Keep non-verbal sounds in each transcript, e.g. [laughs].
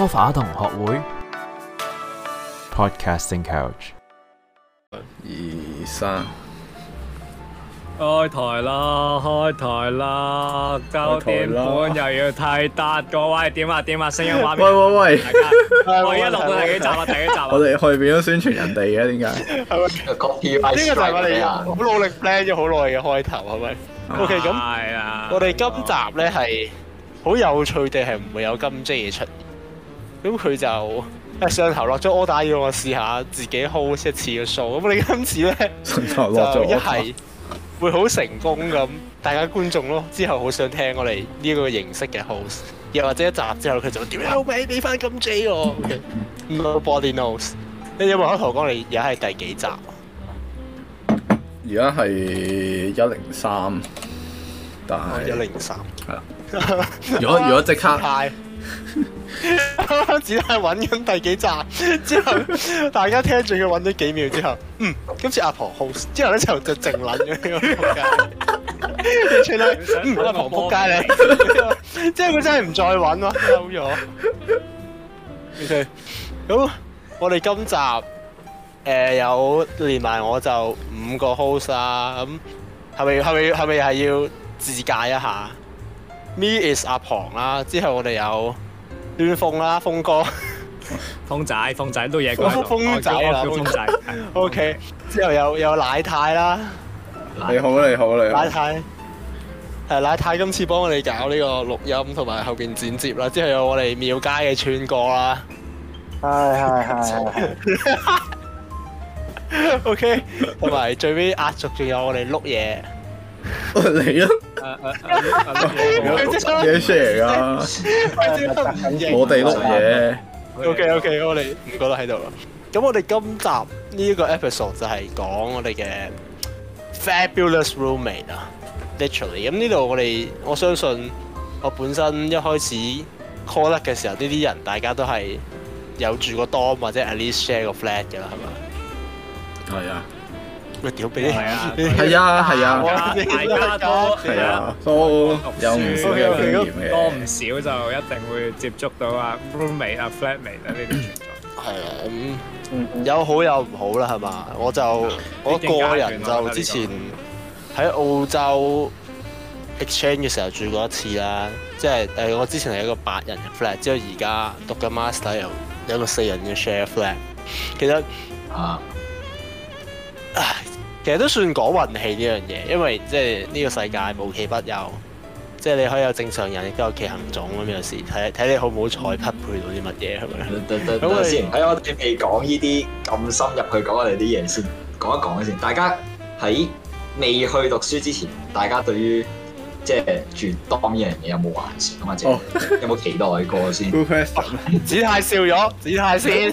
沙發同學會，Podcasting Couch，二三，開台啦，開台啦，九點半又要提檔，各位點啊點啊，聲音畫面，喂喂喂，我一錄第一集啊，第一集啊，我哋去邊度宣傳人哋嘅點解？呢個就我哋好努力 plan 咗好耐嘅開頭，係咪？OK，咁係啊，我哋今集咧係好有趣地係唔會有金積嘢出。咁佢就一上頭落咗 order 要我試下自己 host 一次嘅數。咁你今次咧就一係會好成功咁，大家觀眾咯。之後好想聽我哋呢個形式嘅 host，又或者一集之後佢就點 [music] 樣俾翻咁 J 喎、okay？Nobody knows 我我你。你有冇喺台講你而家係第幾集？而家係一零三，但係一零三係啦。如果如果即刻。 [laughs] 啱 [laughs] 啱只係搵緊第幾集之後，大家聽住佢搵咗幾秒之後，嗯，今次阿婆 host 之後咧就就靜捻咁樣，完 [laughs] 全係嗯阿婆仆街啦，即係佢真係唔再搵咯，收 [laughs] 咗。 [laughs] o k 咁我哋今集誒、呃、有連埋我就五個 host 啦，咁係咪係咪係咪係要自介一下？Me is 阿 Pong 啦，啊，之後我哋有。串鳳啦，鳳哥，鳳仔，鳳仔碌嘢，鳳仔啦，鳳仔。O K，之後有有奶太啦，你好，你好，你好，奶太，係奶太今次幫我哋搞呢個錄音同埋後邊剪接啦，之後有我哋廟街嘅串哥啦，係係係，O K，同埋最尾壓軸仲有我哋碌嘢。嚟咯！咩事嚟噶？我哋錄嘢。OK OK，我哋唔覺得喺度啦。咁我哋今集呢一個 episode 就係講我哋嘅 Fabulous Roommate 啊，literally。咁呢度我哋我相信我本身一開始 call up 嘅時候呢啲人大家都係有住 dorm，個 dorm 或者 at least share 嘅 flat 嘅啦，係咪？係 [laughs] 啊。喂，屌俾你睇啊！係啊，係啊，大家多，係啊，多又多唔少，就一定會接觸到啊 roommate 啊 flatmate 呢啲存在。係啊，咁有好有唔好啦，係嘛？我就我個人就之前喺澳洲 exchange 嘅時候住過一次啦，即係誒我之前係一個八人嘅 flat，之後而家讀緊 master 又有一個四人嘅 share flat，其實啊，唉。其實都算講運氣呢樣嘢，因為即係呢個世界無奇不有，即係你可以有正常人，亦都有奇行種，咁有時睇睇你好唔好彩匹配到啲乜嘢係咪？等我先，喺 [laughs] [laughs] 我哋未講呢啲咁深入去講我哋啲嘢先，講一講先。大家喺未去讀書之前，大家對於即係住呢樣嘢，是 oh. 有冇幻想或者有冇期待過先？ [laughs] [laughs] Gtai 笑咗，Gtai 先。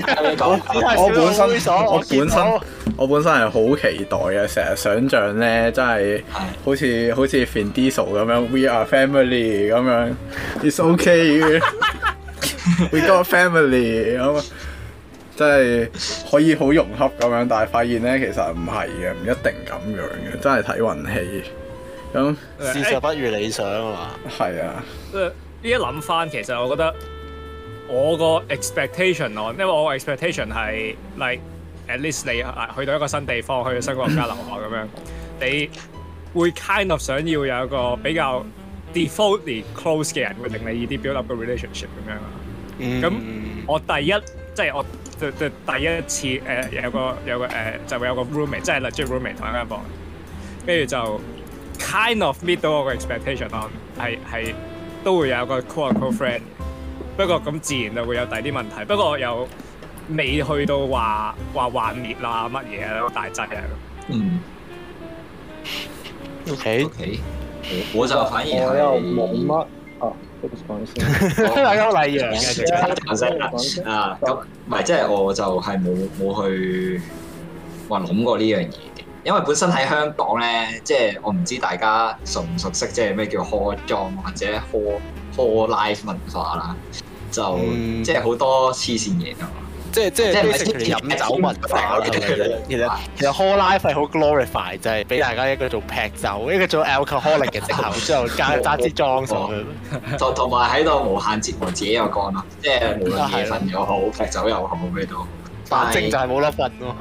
[laughs] Gtai [laughs] [laughs] Gtai 笑我本身 [laughs] 我本身 [laughs] 我本身係好 [laughs] 期待嘅，成日想象咧，真係好似 [laughs] 好似 Vin Diesel 咁樣，We are family 咁樣，It's okay，We [laughs] got family 咁，真係可以好融洽咁樣，但係發現咧其實唔係嘅，唔一定咁樣嘅，真係睇運氣。咁、嗯、事實不如理想啊嘛，係、欸、啊。呢一諗翻，其實我覺得我個 expectation，因為我 expectation 係 like at least 你去到一個新地方，去到新國家留學咁樣， [laughs] 你會 kind of 想要有一個比較 defaultly close 嘅人，會令你易啲 build up 個 relationship 咁樣。咁、嗯、我第一即係、就是、我第第一次誒有個有個誒就會有個 roommate，即係 legit roommate 同一間房，跟住就。kind of meet 到我個 expectation，係、mm、係 -hmm. 都會有個 core core friend 酒不過咁自然就會有第啲問題。不過又未去到話話幻滅啦乜嘢大質嘅。嗯。O K K，我就反而係冇乜。啊，講先。因為好麗陽嘅，啊咁唔係即係我就係冇冇去話諗過呢樣嘢。Yeah, that 因為本身喺香港咧，即係我唔知大家熟唔熟悉，即係咩叫 hall 裝或者 hall hall life 文化啦，就即係好多黐線嘢噶，即係即係即係咪飲酒文化？係咪係咪 [laughs] 其實其實 hall life 係好 glorify，就係俾大家一個做劈酒， [laughs] 一個做 alcoholic 嘅藉口，之 [laughs] 後加加支裝上去，同同埋喺度無限折磨自己個肝啊！即係無論夜瞓又好劈酒又好，咩 [laughs] 都～反正就係冇得瞓咯。啊，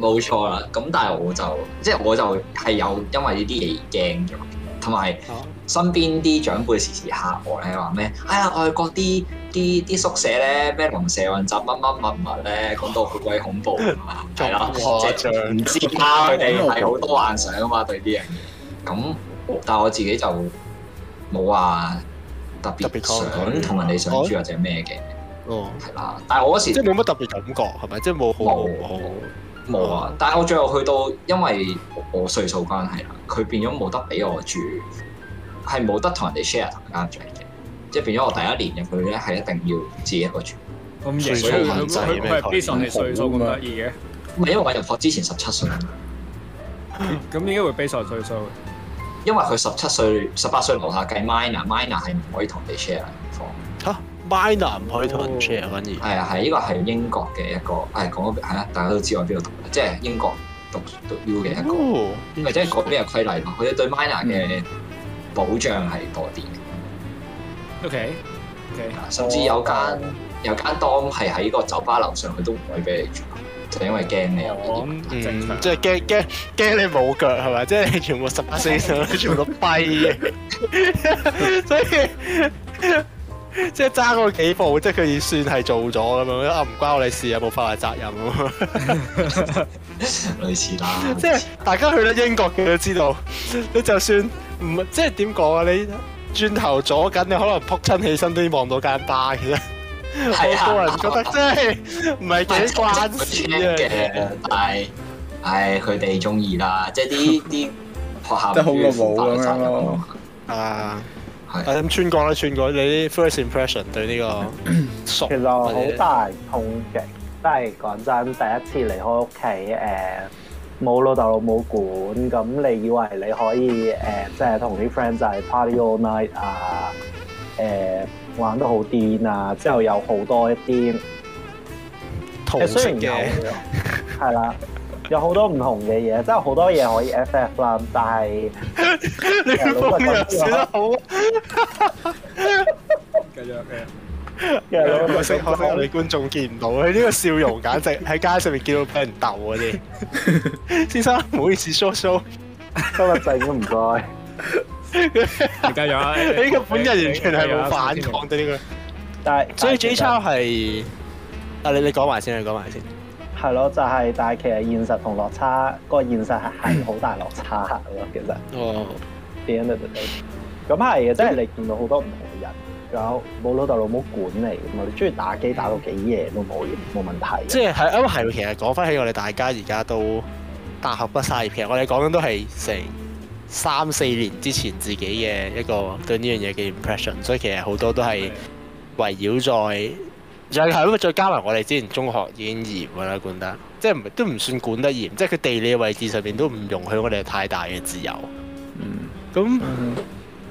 冇錯啦。咁但係我就即係我就係有因為呢啲嘢驚咗，同埋身邊啲長輩時時嚇我咧話咩？哎呀，外國啲啲啲宿舍咧咩龍蛇雲集乜乜物物咧，講到好鬼恐怖。啊，係咯，誇張，唔知佢哋係好多幻想啊嘛對啲人。咁但係我自己就冇話特別想同人哋住或者咩嘅。哦，係啦，但係我嗰時即係冇乜特別感覺，係咪？即係冇冇冇啊！但係我最後去到，因為我歲數關係啦，佢變咗冇得俾我住，係冇得同人哋 share 同家長嘅，即係變咗我第一年入去咧係一定要自己一個住。咁歲數限制咩？咁得意嘅？唔係因為我入學之前十七歲，咁應該會 base on 歲數嘅，因為佢十七歲、十八歲樓下計 minor，minor 係唔可以同你哋 share 房。嚇？minor 唔可以同 share，反而係啊，係，呢個係英國嘅一個，係講緊係啊，大家都知我邊度讀，即係英國讀讀 U 嘅一個，或者係嗰邊嘅規例咯，佢對 minor 嘅保障係多啲嘅。OK OK，甚至有間有間當係喺個酒吧樓上，佢都唔可以俾你住，就係因為驚你。嗯，即係驚驚驚你冇腳係咪？即係你全部十八歲十八歲全部都跛嘅。所以。即係揸嗰幾步，即係佢已算係做咗咁樣啊！唔關我哋事，有冇法律責任啊 [laughs] ，類似啦。即係大家去到英國嘅都知道，你就算唔即係點講啊？你轉頭咗緊，你可能撲親起身都望到間巴。其實我啊，個人覺得，覺得係 [laughs] 即係唔係幾關事。嘅。係係佢哋中意啦，即係啲啲學校都好過冇。咯。啊。誒咁、啊，穿過啦，穿過你啲 first impression 對呢個熟， [coughs] 其實好大痛擊。即係講真，第一次離開屋企，誒、呃、冇老豆老母管，咁你以為你可以誒、呃，即係同啲 friend 就係 party all night 啊、呃，誒玩得好癲啊，之後有好多一啲，雖然有，係 [laughs] 啦。有好多唔同嘅嘢，真係好多嘢可以 FF 啦，但係你老實講先啦，好啊，繼續嘅，可惜可惜我哋觀眾見唔到佢呢個笑容，簡直喺街上面見到俾人鬥嗰啲先生，唔好意思，蘇蘇收個掣都唔該，繼續啊！呢個本人完全係反抗的呢個，但係所以 J Chow 係啊，你你講埋先啊，你講埋先。係咯，就係、是，但係其實現實同落差，個現實係係好大落差咯。其實，哦、oh. 就是，咁係，真係你見到好多唔同嘅人，仲有冇老豆老母管你，嚟，我哋中意打機打到幾夜都冇嘢，冇問題。即係係，因為係其實講翻起我哋大家而家都大學畢曬業，其實，我哋講緊都係成三四年之前自己嘅一個對呢樣嘢嘅 impression，所以其實好多都係圍繞在。又係咁啊！再加埋我哋之前中學已經嚴啦，管得即係唔都唔算管得嚴，即係佢地理位置上面都唔容許我哋太大嘅自由。咁、嗯嗯、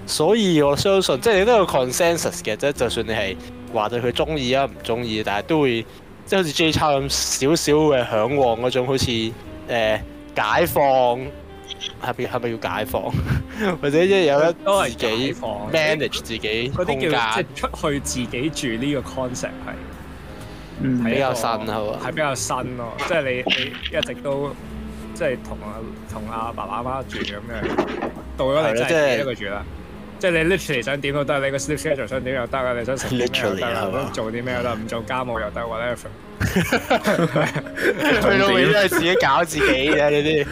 所以我相信即係你都有 consensus 嘅，即就算你係話對佢中意啊唔中意，但係都會即係好似 J 差咁少少嘅嚮往嗰種，好似誒、呃、解放。係咪係咪要解放， [laughs] 或者即係有得自己 manage 自己空間，即係出去自己住呢個 concept 係，嗯，比較新啦，係比較新咯，即 [laughs] 係你你一直都即係同阿同阿爸爸媽住咁樣，到咗你即係一個住啦，即 [laughs] 係你 lift 嚟想點都得，你個 schedule 想點又得啊，你想食咩做啲咩都得，唔做， [laughs] 做家務又得，whatever。 [laughs] 去到尾都係自己搞自己嘅呢啲，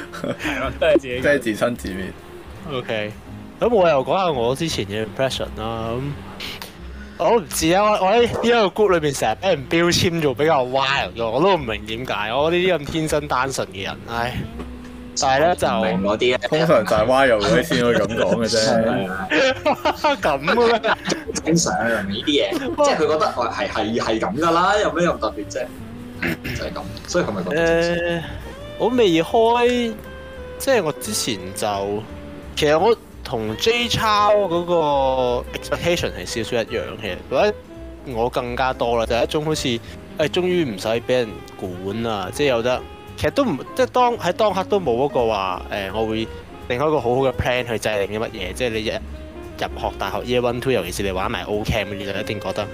都係、 [laughs] 就是、自己，都係自生自滅。OK，咁我又講下我之前嘅 impression 啦。咁我唔知啊，我喺呢個 group 裏邊成日俾人標籤做比較 wild，我都唔明點解。我呢啲咁天真單純嘅人，唉。但係啦，就啲啦。通常就蛙游嗰先可以咁講嘅啫。咁 [laughs] 嘅啊？正 [laughs] 常樣啊，呢啲嘢， [laughs] 即係佢覺得是，誒，係係係咁噶啦，有咩咁特別啫？就係、是、咁，所以佢咪覺得誒，我未開，即、就、係、是、我之前就，其實我同 J 超嗰個 expectation 係少少一樣嘅，或者我更加多啦。第、就是、一種好似誒，終於唔使俾人管啦，即係有得。其實都唔即係當喺當刻都冇一個話誒、欸，我會另外一個好好嘅 plan 去制定啲乜嘢。即係你入入學大學 year one two，尤其是你玩埋 O cam，你就一定覺得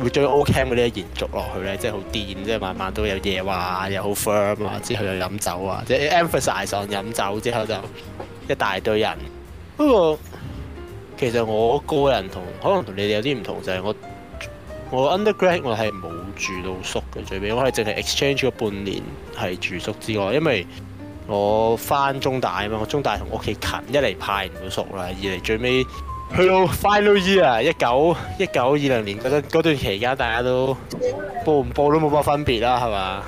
會將 O cam 嗰啲延續落去咧，即係好癲，即係晚晚都有嘢話，又好 firm 啊，之後又飲酒啊，即係 emphasize 上飲酒之後就一大堆人。不過其實我個人同可能你有不同，你哋有啲唔同就係、是、我。我 undergrad 我係冇住到宿嘅，最尾我係淨係 exchange 咗半年係住宿之外，因為我翻中大啊嘛，我中大同屋企近，一嚟派唔到宿啦，二嚟最尾去到 final year 啊19，一九一九二零年嗰段期間，大家都報唔報都冇乜分別啦，係嘛？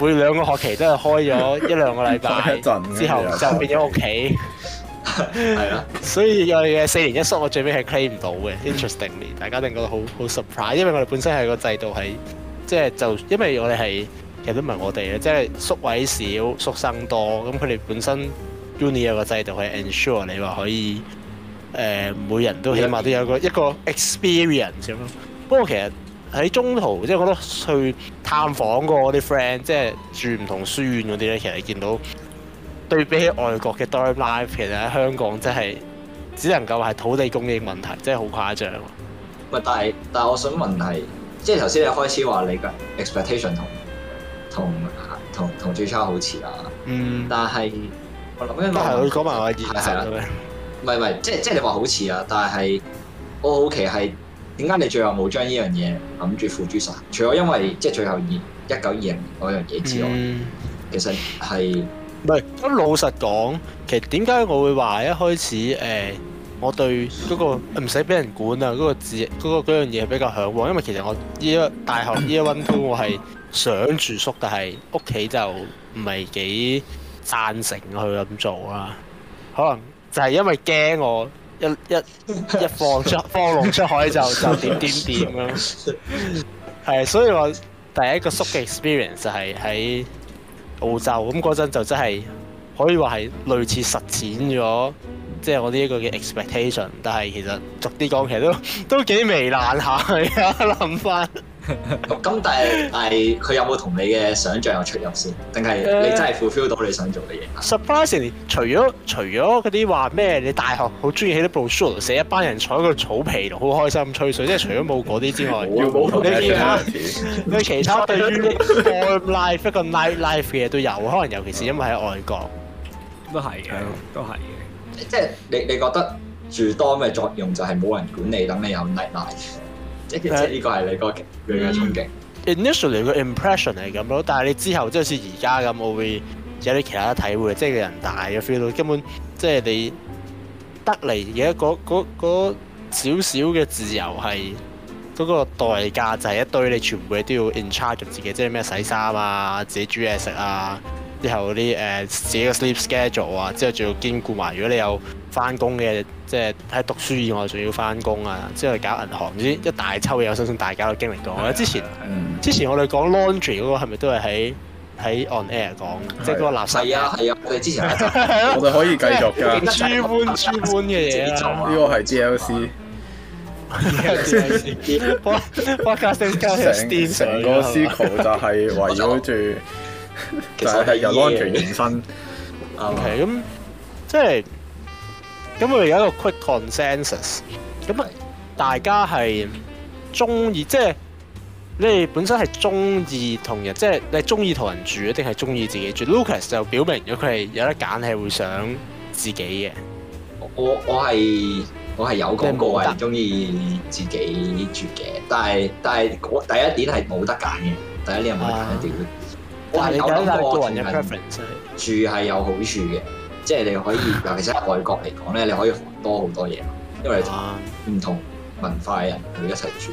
每兩個學期都係開咗一兩個禮拜 [laughs] 之後就變咗屋企。係啊， [laughs] 所以我哋嘅四年一宿，我最尾係 claim 唔到嘅。 [laughs] Interestingly，大家一定覺得好好 surprise，因為我哋本身係個制度係，即係就，是、就因為我哋係，其實都唔係我哋即係宿位少，宿生多，咁佢哋本身 [laughs] uni 個制度係 ensure 你話可以，誒、呃，每人都起碼都有一個 [laughs] 一個 experience 咁咯。不過其實喺中途，即、就、係、是、我都去探訪過我啲 friend，即係住唔同書院嗰啲咧，其實你見到。對比起外國嘅 dream life，其實喺香港真係只能夠係土地供應問題，真係好誇張。喂，但係但係，我想問係，即係頭先你開始話你嘅 expectation 同同同同 J Chow 好似啊。嗯。但係我諗，因為我講埋我意見係啦。唔係唔係，即係即係你話好似啊，但係我好奇係點解你最後冇將呢樣嘢諗住付諸實？除咗因為即係最後二一九二零嗰樣嘢之外，嗯、其實係。唔係，咁老實講，其實點解我會話一開始誒、欸，我對嗰個唔使俾人管啊，嗰、嗰個字嗰、嗰個樣嘢比較嚮往，因為其實我依家大學 Year One Two，我係想住宿，但係屋企就唔係幾贊成去咁做啊。可能就係因為驚我一一一放出 [laughs] 放龍出海就就點點點咁樣。係， [laughs] [laughs] 所以我第一個宿嘅 experience 就係喺。澳洲，咁嗰陣就真係可以話係類似實踐咗，即係我呢一個嘅 expectation，但係其實逐啲講其實都都幾微難下啊，諗返。咁 [laughs] 但係但係佢有冇同你嘅想象有出入先？定係你真係 fulfill 到你想做嘅嘢？Uh,Surprisingly，除咗除咗嗰啲話咩，你大學好中意喺啲 proposal 寫一班人坐喺個草皮度，好開心吹水。即係除咗冇嗰啲之外，你 [laughs] [laughs] 其他你 [laughs] 其他對於 f life 一個 night life 嘅都有可能，尤其是因為喺外國，都係嘅，都係嘅。 [laughs] 即係你你覺得住多嘅作用就係冇人管理，等你有 night life？呢個係你個佢嘅憧憬 Initially 個 impression 係咁咯，但係你之後即係好似而家咁，我會有啲其他體會，即係人大嘅 feel，根本即係你得嚟嘅嗰嗰個少少嘅自由係嗰個代價，就係一堆你全部嘢都要 in charge 自己，即係咩洗衫啊，自己煮嘢食啊。之後嗰啲誒自己嘅 sleep schedule 啊，之後仲要兼顧埋，如果你有翻工嘅，即係喺讀書以外仲要翻工啊，之後搞銀行，唔知一大抽嘢，我相信大家都經歷過。之前之前我哋講 laundry 嗰個係咪都係喺喺 on air 講，即係嗰個垃圾係啊！係啊！我哋之前 [laughs] 我哋可以繼續嘅。搬搬嘅嘢呢個係 GLC，個係 GLC 係。成 [laughs] 在是 [laughs] 個思考就係圍繞住。 [laughs] [laughs] 其實係有安全延伸、 [laughs] okay, uh。O K，咁即係咁我哋有一個 quick consensus。咁啊，大家係中意即係你哋本身係中意同人，即係你中意同人住，一定係中意自己住？Lucas 就表明咗佢係有得揀，係會想自己嘅。我我係我係有個係中意自己住嘅，但係但係第一點係冇得揀嘅，第一點冇得揀，一、啊、定我係有諗住係有好處嘅， [laughs] 即係你可以尤其係喺外國嚟講咧，你可以學多好多嘢，因為唔同文化嘅人去一齊住。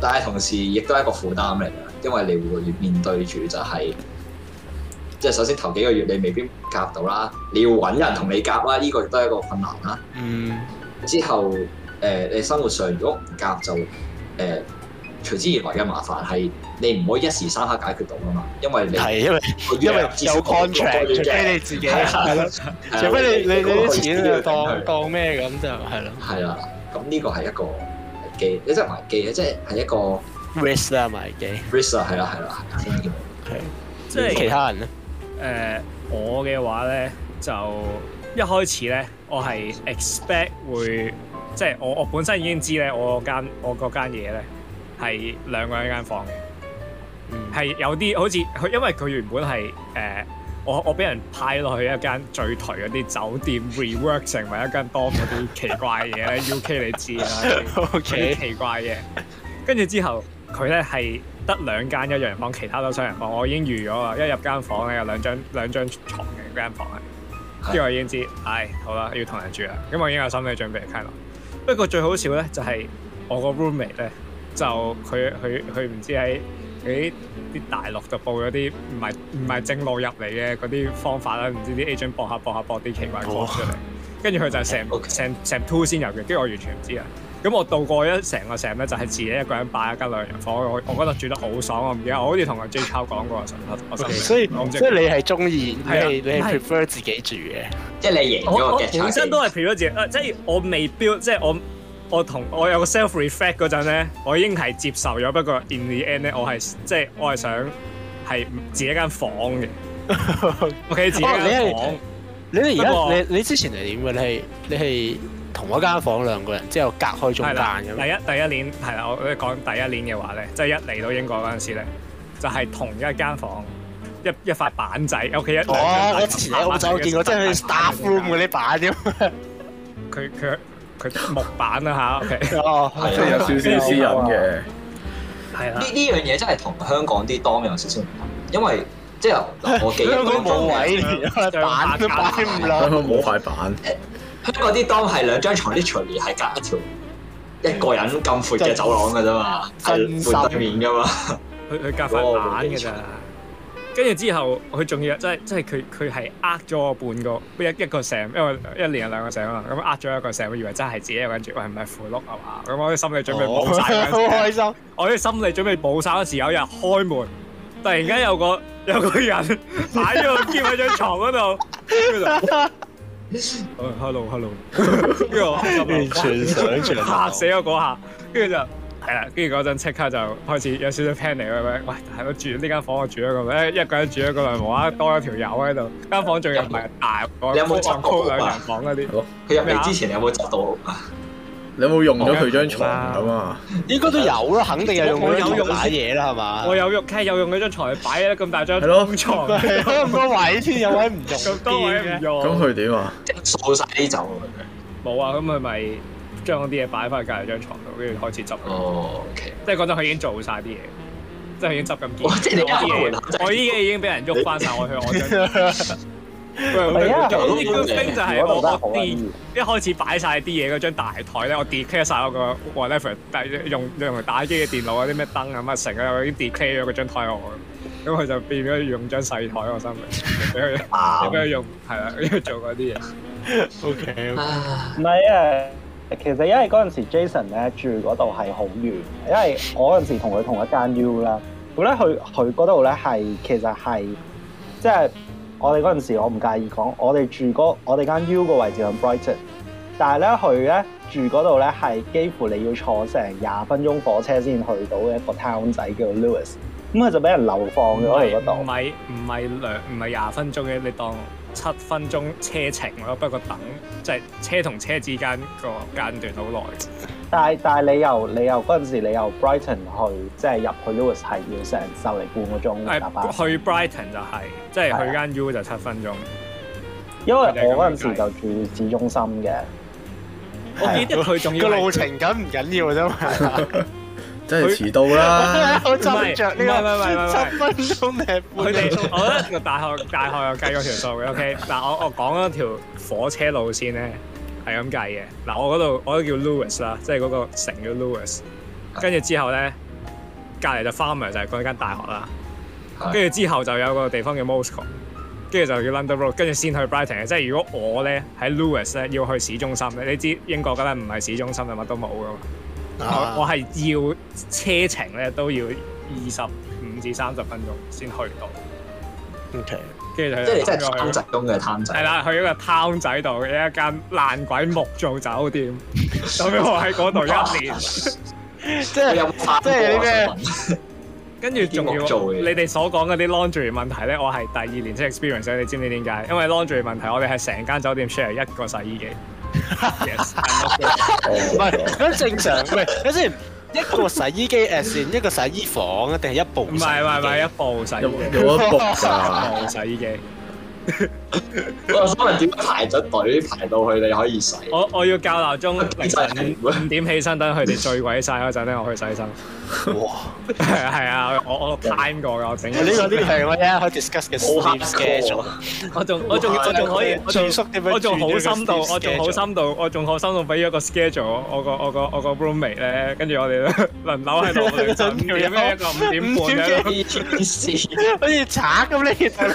但係同時亦都係一個負擔嚟嘅，因為你會面對住就係、是，即係首先頭幾個月你未必夾到啦，你要揾人同你夾啦，呢、這個亦都係一個困難啦。嗯。之後誒、呃，你生活上如果唔夾就誒。呃除此之外嘅麻煩係你唔可以一時三刻解決到噶嘛，因為你係因為因為有 contract 嘅，係咯。除非你的你你啲錢就當當咩咁就係咯。係啦，咁呢個係一個機，你真係埋機咧，即係係一個 risk 啊，埋機。risk 啊，係啦係啦，係。即係其他人咧？誒、呃，我嘅話咧就一開始咧，我係 expect 會即係、就是、我我本身已經知咧，我間我嗰間嘢咧。係兩個人一間房、嗯、嘅，係有啲好似佢，因為佢原本係誒、呃，我我俾人派落去一間最頹嗰啲酒店，rework [laughs] 成為一間多嗰啲奇怪嘢咧。U K 你知啦，幾、 [laughs] okay. 奇怪嘢。跟住之後，佢咧係得兩間一人房間，其他都雙人房。我已經預咗啊，一入間房咧有兩張兩張牀嘅嗰間房，呢個已經知。唉，好啦，要同人住啦，咁我已經有心理準備了。k i l 不過最好笑咧就係我個 roommate 咧。就佢佢佢唔知喺喺啲大陸就報咗啲唔係唔係正路入嚟嘅嗰啲方法啦，唔知啲 agent 博下博下搏啲奇怪嘅嘢出嚟，跟住佢就成成成 two 先入嘅，跟、okay, 住、okay. 我完全唔知啊。咁我度過一成個成咧，就係自己一個人擺一間兩人房，我我我覺得住得好爽啊！唔記得，我好似同阿 J 超講過啊、okay.，所以即係你係中意係你係 prefer 自己住嘅，即係你贏我。我我，我本身都係 prefer 自己，嗯、即係我未 build 即係我。我同我有個 self-reflect 嗰陣咧，我已經係接受咗，不過 in the end 咧，我係即係我係想係自己間房嘅，我 [laughs] k 自己間房、哦。你哋而家你你，你之前係點嘅？你係你係同一間房兩個人，之後隔開咗。第一第一年係啦，我我講第一年嘅話咧，即、就、係、是、一嚟到英國嗰陣時咧，就係、是、同一間房一一塊板，板一塊板仔，O.K. 一兩個人。哦，我之前喺澳洲見過，即係 Star Room 啲板咁。佢佢。木板啊嚇， [laughs] 哦，係啊，有少少私隱嘅，係啦。呢呢樣嘢真係同香港啲當有少少唔同因、啊，因為即係、就是、我記得，冇位板，冇塊板。香港啲當係兩張床，啲床面係隔一條，一個人咁闊嘅走廊嘅啫嘛，係闊得面噶嘛，佢隔塊板嘅啫。跟住之後，佢仲要即係即係佢佢係呃咗我半個一一個成，因為一年有兩個成啊嘛，咁呃咗一個成。我以為真係自己嘅住，喂，唔係符碌係嘛，咁、欸、我啲心理準備冇曬。好開心，very very very 我啲心理準備冇曬嗰時，有一日開門，突然間有個有個人擺咗個肩喺張牀嗰度。Hello，Hello，邊個？完全想出嚟，嚇死我嗰下，跟住就。係啦，跟住嗰陣即刻就開始有少少 panic 喂，喂，係我住呢間房，我住咗咁樣，一個人住咗咁耐，冇啊，多咗條友喺度，間房仲有唔係大，有冇執到啊？兩人房嗰啲，佢入嚟之前有冇執到是是你有冇用咗佢張床咁啊？應該都有咯，肯定有用，有用啲嘢啦係嘛，我有用，又用咗張床去擺咁大張係咯，床有咁多位先有位唔用，咁多位唔用，咁佢點啊？掃晒啲走啊！冇啊，咁佢咪。將嗰啲嘢擺翻去隔離張床度，跟住開始執。哦、oh, okay.，即係嗰陣佢已經做晒啲嘢，即係已經執咁堅。Oh, 以我依家已經俾人喐翻晒。 [laughs] 我的， [laughs] 哎就是、我張。嗰啲叫冰就係我跌。一開始擺晒啲嘢嗰張大台咧，我 declare 晒我個 whatever，用用嚟打機嘅電腦啊，啲咩燈啊乜成啊，我已經 declare 咗嗰張台我。咁佢就變咗用張細台我心裏，俾佢俾佢用，係啦，佢做嗰啲嘢。O K，唔係啊。其實因為嗰陣時 Jason 咧，住嗰度係好遠，因為我嗰陣時同佢同一間 U 啦，咁咧佢佢嗰度咧係其實係即係我哋嗰陣時我唔介意講，我哋住嗰我哋間 U 個位置喺 Brighton，但係咧佢咧住嗰度咧係幾乎你要坐成廿分鐘火車先去到一個 town 仔叫 Lewis，咁佢就俾人流放咗喺嗰度，唔係唔係兩唔係廿分鐘嘅，你當。七分鐘車程咯，不過等即係、就是、車同車之間個間段好耐。但係但係你又你又嗰陣時你又 Brighton 去即係入去 Lewis 係要成十嚟半個鐘架，去 Brighton 就係、是、即係去間 U 就七分鐘，因為我嗰陣時就住市中心嘅。我記得佢仲要路程緊唔緊要啫嘛？ [laughs] [laughs] 真係遲到啦、啊！ [laughs] 好執着呢個七分鐘嘅背地。我咧、okay? [laughs] [laughs] 我覺得大學大學又計咗條數嘅。OK，嗱我我講一條火車路線咧，係咁計嘅。嗱我嗰度我都叫 Louis 啦，即係嗰個城叫 Louis。跟住之後咧，隔離就 Farmer 就係嗰間大學啦。跟住之後就有個地方叫 Moscow，跟住就叫 London Road，跟住先去 Brighton。即係如果我咧喺 Louis 咧要去市中心咧，你知英國梗係唔係市中心就乜都冇噶嘛。啊啊、我我係要車程咧都要二十五至三十分鐘先去到。O K，跟住即係即係東直東嘅攤仔。係啦、啊，去一個攤仔度，嘅一間爛鬼木做酒店，咁我喺嗰度一年，即係即係呢啲。跟住仲要做你哋所講嗰啲 laundry 問題咧，我係第二年的 experience，你知唔知點解？因為 laundry 問題，我哋係成間酒店 share 一個洗衣機。 [laughs] yes，唔係咁正常，喂，係等先一個洗衣機 at 線、 [laughs] 啊，一個洗衣房啊，定係一部唔係，唔咪一部洗嘅，有一部洗衣機。我想問點排咗隊排到佢哋可以洗？我我要較鬧鐘，凌晨五五點起身，等佢哋醉鬼晒嗰陣咧， [laughs] 我，我去洗身。哇！係 [laughs] 啊，我我 time 過噶，我整。呢個啲係我聽日 discuss 嘅 schedule。我仲我仲我仲可以我仲好深度，度，我仲好深度，我仲好深度俾咗個 schedule，我個我個我個 roommate 咧，跟住我哋咧輪流喺度洗身。咩 [laughs] 一個五點半嘅電好似賊咁咧，可以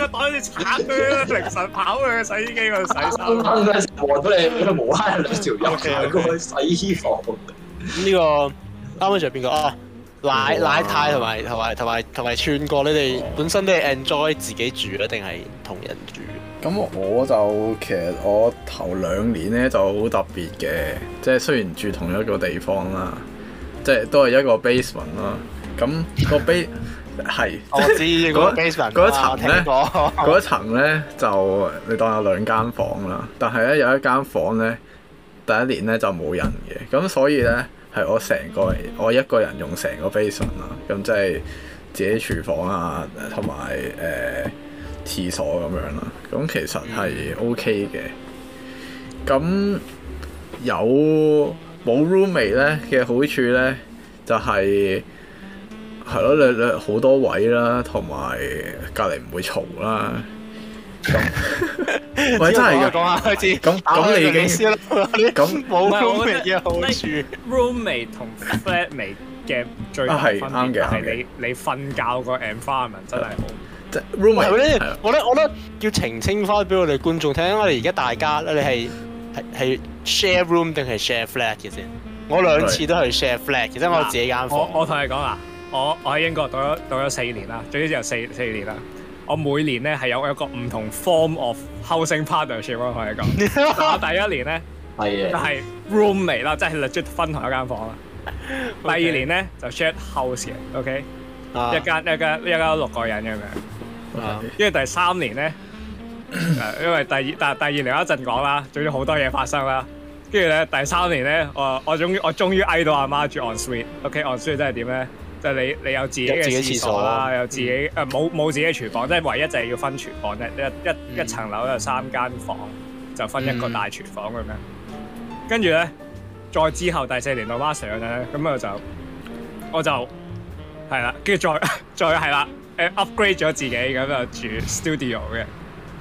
我打住。 [laughs] [laughs] 上來 [laughs] [laughs] 凌晨跑去洗衣機嗰度洗衫，望到你冇閪兩條友過去洗衣房。呢個啱啱開始係邊個？哦，奶、啊、奶、啊、太同埋同埋同埋同埋串哥，你哋、啊、本身都係 enjoy 自己住啊，定係同人住？咁我就其實我頭兩年咧就好特別嘅，即係雖然住同一個地方啦，即係都係一個 basement 啦，咁個 bas。 [laughs] 係，嗰一、 [laughs] 那個那個、層咧，嗰一 [laughs] 層咧就你當有兩間房啦。但係咧有一間房咧，第一年咧就冇人嘅，咁所以咧係我成個我一個人用成個 basement 啦。咁即係自己廚房啊，同埋誒廁所咁樣啦。咁其實係 OK 嘅。咁有冇 roommate 咧嘅好處咧，就係、是、～係咯、 [laughs] [laughs] 就是，你你好多位啦，同埋隔籬唔會嘈啦。咁，喂，真係嘅。講下，開始，咁你幾先啦？咁冇 roommate 嘅好處。Roommate 同 flatmate 嘅最，係啱嘅。係你你瞓覺個 environment 真係好。roommate 我咧，我咧，要澄清翻俾我哋觀眾聽，我哋而家大家，你係係係 share room 定係 share flat 嘅先？我兩次都係 share flat，其實我自己間房。我我同你講啊。我我喺英國讀咗讀咗四年啦，總之就四四年啦。我每年咧係有一個唔同 form of housing partnership 咯，可 [laughs] 以講我第一年咧 roommate 啦，即係分同一間房啦。Okay. 第二年咧就 share house 嘅，OK，、ah. 一間一間一間六個人咁樣，okay. 第三年咧， [laughs] 因為第二但第二年一陣講啦，總之好多嘢發生啦。跟住咧第三年咧，我我終於我終於挨到阿媽，媽住 on suite，OK，on suite 即係點咧？就是、你你有自己嘅廁所啦，有自己誒冇冇自己嘅廚房，即係唯一就係要分廚房，一一一一層樓有三間房，就分一個大廚房咁、嗯、樣。跟住咧，再之後第四年到 master 嗰陣咧，咁我就我就係啦，跟住、啊、再再係啦、啊啊、，upgrade 咗自己咁就住 studio 嘅。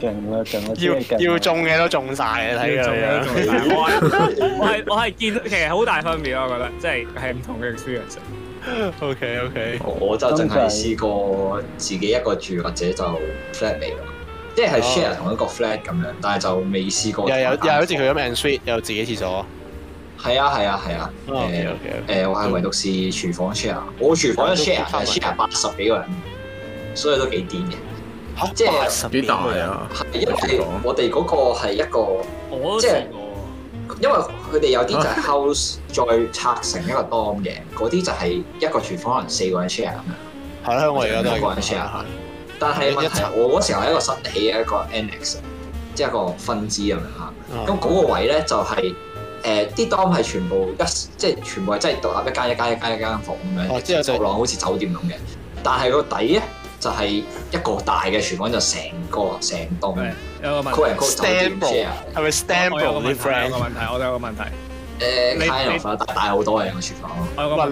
勁啦勁啦，要要中嘅都中晒，睇嚟睇嚟，我係我係我係見到，其實好大分別咯，我覺得，即係係唔同嘅 experience。O K O K，我就淨係試過自己一個住，或者就 flat 嚟咯，即係 share、oh. 同一個 flat 咁樣，但係就未試過。又有又好似佢咁 en suite，又自己廁所。係啊係啊係啊，誒、oh, okay, okay. 呃、我係唯獨試廚房 share，我廚房 share 係、嗯、share 八十幾個人、嗯，所以都幾癲嘅。即係十幾大啊！係因為我哋嗰個係一個，即係、啊、因為佢哋有啲就係 house [laughs] 再拆成一個 dorm 嘅，嗰啲就係一個廚房，可能四個人 share。係啦，我而家都一個人 share。但係問題，我嗰時候係一個新起嘅一個 annex 即係一個分支咁樣嚇。咁、啊、嗰個位咧就係誒啲 dorm 係全部一，即、就、係、是、全部係真係獨立一間一間一間一間房咁樣，即係走廊好似酒店咁嘅。但係個底咧。就係、是、一個大嘅廚房就，就成個成棟、嗯。有一個問題，係咪 stable？我有，個問，題有，個，問題有個問題，我有個問題。誒、呃，大好多嘅廚房。我問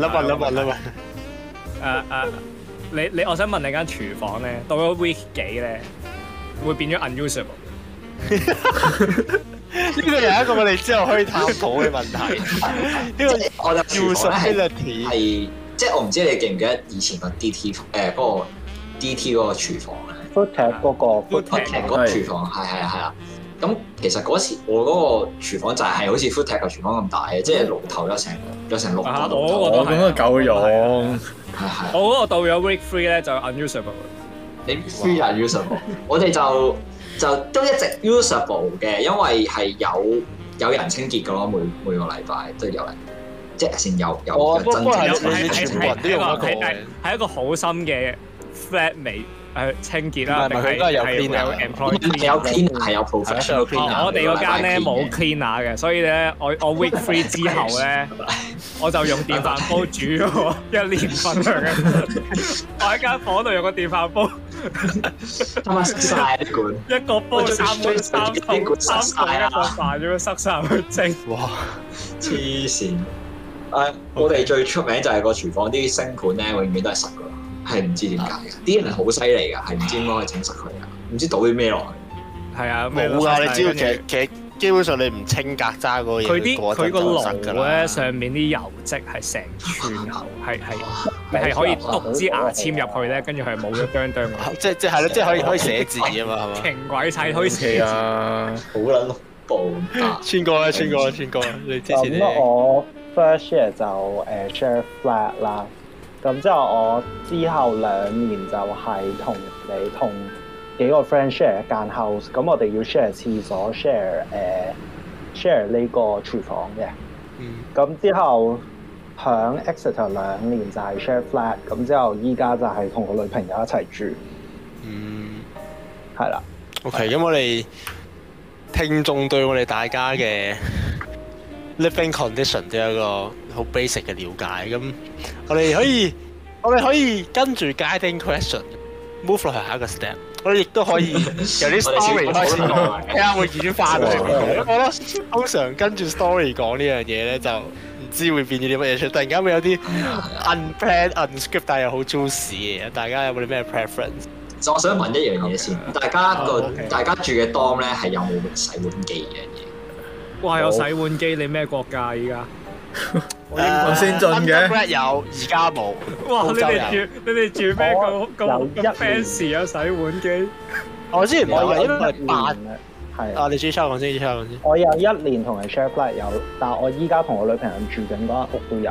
啦你，你我想問你間廚房咧，到咗 week 幾咧，會變咗 unusable？呢 [laughs] [laughs] [laughs] [laughs] 個又一個我哋之後可以探討嘅問題。呢 [laughs] 個 [laughs] 我就廚房 [laughs] 即係我唔知你記唔記得以前個 DT 誒、呃、嗰 D T 嗰個廚房咧，FootTap 嗰個 FootTap 嗰個廚房，係係啊，係啊。咁其實嗰時我嗰個廚房就係好似 FootTap 個廚房咁大嘅，即係爐頭有成有成六個爐、啊。我我，係係、啊、係啊我覺得夠用，係係。我嗰個到咗 Week Three 咧就 Unusable，你 Three unusable。 [laughs] 我哋就就都一直 Usable 嘅，因為係有有人清潔嘅咯，每每個禮拜都有人，即係先有有，有，有，有真正有啲人係係係一個好深嘅。flat 美誒清潔啦，佢都係有變有 employee，有 cleaner 係有 professional。哦，我哋嗰間咧冇 cleaner 嘅，所以咧我我 week three 之後咧，我就用電飯煲煮咗一年份嘅。我喺間房度用個電飯煲，塞曬啲管，一個煲三三三三個飯，咁樣塞曬去蒸。哇！黐線。誒，我哋最出名就係個廚房啲星盆咧，永遠都係十個。係唔知點解嘅，啲、啊、人係好犀利噶，係、啊、唔知點樣去整實佢噶，唔知道倒啲咩落去。係啊，冇噶，你知道。其、啊、實其實基本上你唔清格渣嗰嘢，佢啲佢個爐咧上面啲油漬係成串口，係係你係可以篤支牙籤入去咧，跟住佢冇咗哚哚。即即係即係可以可以寫字啊嘛，係、啊、嘛、啊？停鬼曬，可以寫啊！好啦，六步，穿過啦，穿過啦，穿過啦。咁啊，我 first year 就誒 share flat 啦。咁之後我之後兩年就係同你同幾個 friend share 一間 house，咁我哋要 share 廁所，share 誒 share 呢個廚房嘅。咁、嗯、之後喺 Exeter 兩年就係 share flat，咁之後依家就係同個女朋友一齊住。嗯。係啦。OK，咁我哋聽眾對我哋大家嘅。 [laughs] Living condition 都有個好 basic 嘅瞭解，咁我哋可以我哋可以跟住 guiding question move 落去下一個 step，我哋亦都可以由啲 story 開始講，睇下會演化到邊。我覺得通常跟住 story 講呢樣嘢咧，就唔知會變咗啲乜嘢出，突然間會有啲 unplanned unscript 但又好 juicy 嘅。大家有冇啲咩 preference？就我想問一樣嘢先，大家個大家住嘅 dorm 咧係有冇洗碗機嘅？哇！有洗碗機，你咩國家？依家咁先進嘅有，而家冇。哇！你哋住你哋住咩國？咁咁咩事有、啊、洗碗機？我之前我有八年，係 [laughs] 啊，你住 share 房先，住 share 房先。我有一年同人 share flat 有，但係我依家同我女朋友住緊嗰間屋都有。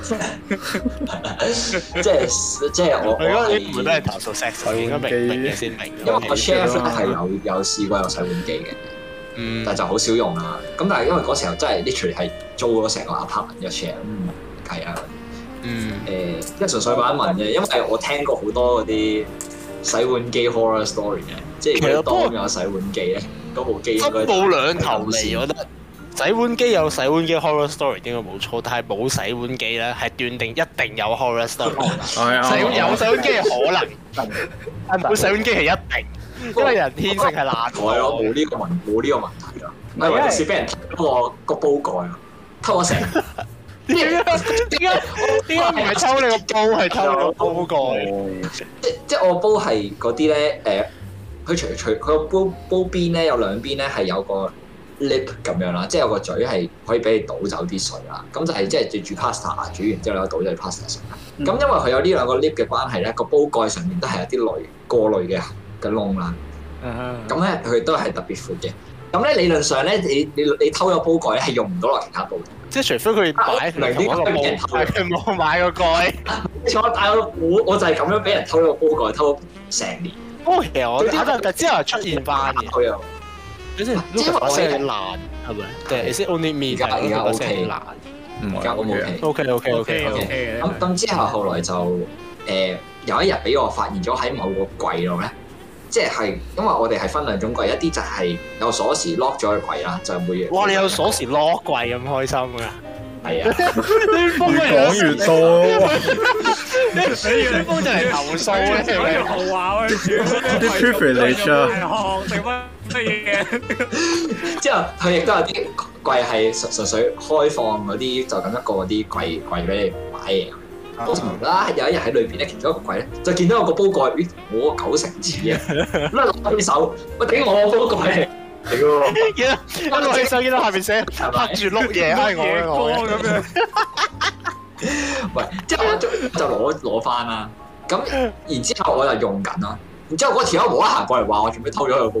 [laughs] [laughs] 即係 [laughs] 即係是 [laughs] 我是，我啲全部都係投訴洗碗機先、啊、明，因為個 chef 係有、啊、有試過個洗碗機嘅、嗯，但係就好少用啦、啊。咁但係因為嗰時候真係 literally 係租咗成個 apartment，個 chef 啊，嗯，誒、呃，即係純粹一問啫。因為我聽過好多嗰啲洗碗機 horror story 嘅，即係當有洗碗機咧，嗰部機真煲兩頭利，我覺得。洗碗機有洗碗機 horror story 應該冇錯，但係冇洗碗機咧，係斷定一定有 horror story。係啊，有洗碗機可能，冇洗碗機係一定，因為人天性係難改咯，冇呢個問冇呢個問題咯。唔係，還是俾人偷咗個煲蓋，偷咗成點解點解點解唔係偷你個煲，係偷個煲蓋？即即我煲係嗰啲咧，誒，佢除除佢個煲煲邊咧有兩邊咧係有個 lip 咁樣啦，即係有個嘴係可以俾你倒走啲水啦，咁就係即係煮 pasta，煮完之後咧倒咗去 pasta 水。咁因為佢有呢兩個 lip 嘅關係咧，個煲蓋上面都係有啲濾過濾嘅嘅窿啦。咁咧佢都係特別闊嘅。咁咧理論上咧，你你你偷咗煲蓋係用唔到落其他煲。即係除非佢買唔同嘅鏡頭，係冇買個蓋。我帶我我就係咁樣俾人偷咗個煲蓋，偷成年。都、哦、之後出現翻又……啊即係我先爛係咪？即係你先 only me。而家而家 OK，而家 O 唔 OK？OK OK OK OK。咁咁之後後來就誒，有一日俾我發現咗喺某個櫃度咧，即係因為我哋係分兩種櫃，一啲就係有鎖匙 lock 咗嘅櫃啊，就冇嘢。哇！你有鎖匙 lock 櫃咁開心噶？係啊，越講越多。你講就嚟投訴啦，你胡話。你 prove 嚟嘅啫。係嘅，之後佢亦都有啲櫃係純純粹開放嗰啲，就等一個啲櫃櫃俾你擺嘢。嗱，有一日喺裏邊咧，其中一個櫃咧就見到有個煲蓋，咦，我九成新啊！咁啊攞起手，喂，頂我個煲蓋嚟嘅喎！見到，見到，攞起手見到下邊寫，寫住碌嘢係我嘅我咁樣。喂，之後我就就攞攞翻啦。咁然之後我就用緊啦。然之後嗰條友無啦啦行過嚟話我做咩偷咗佢個煲。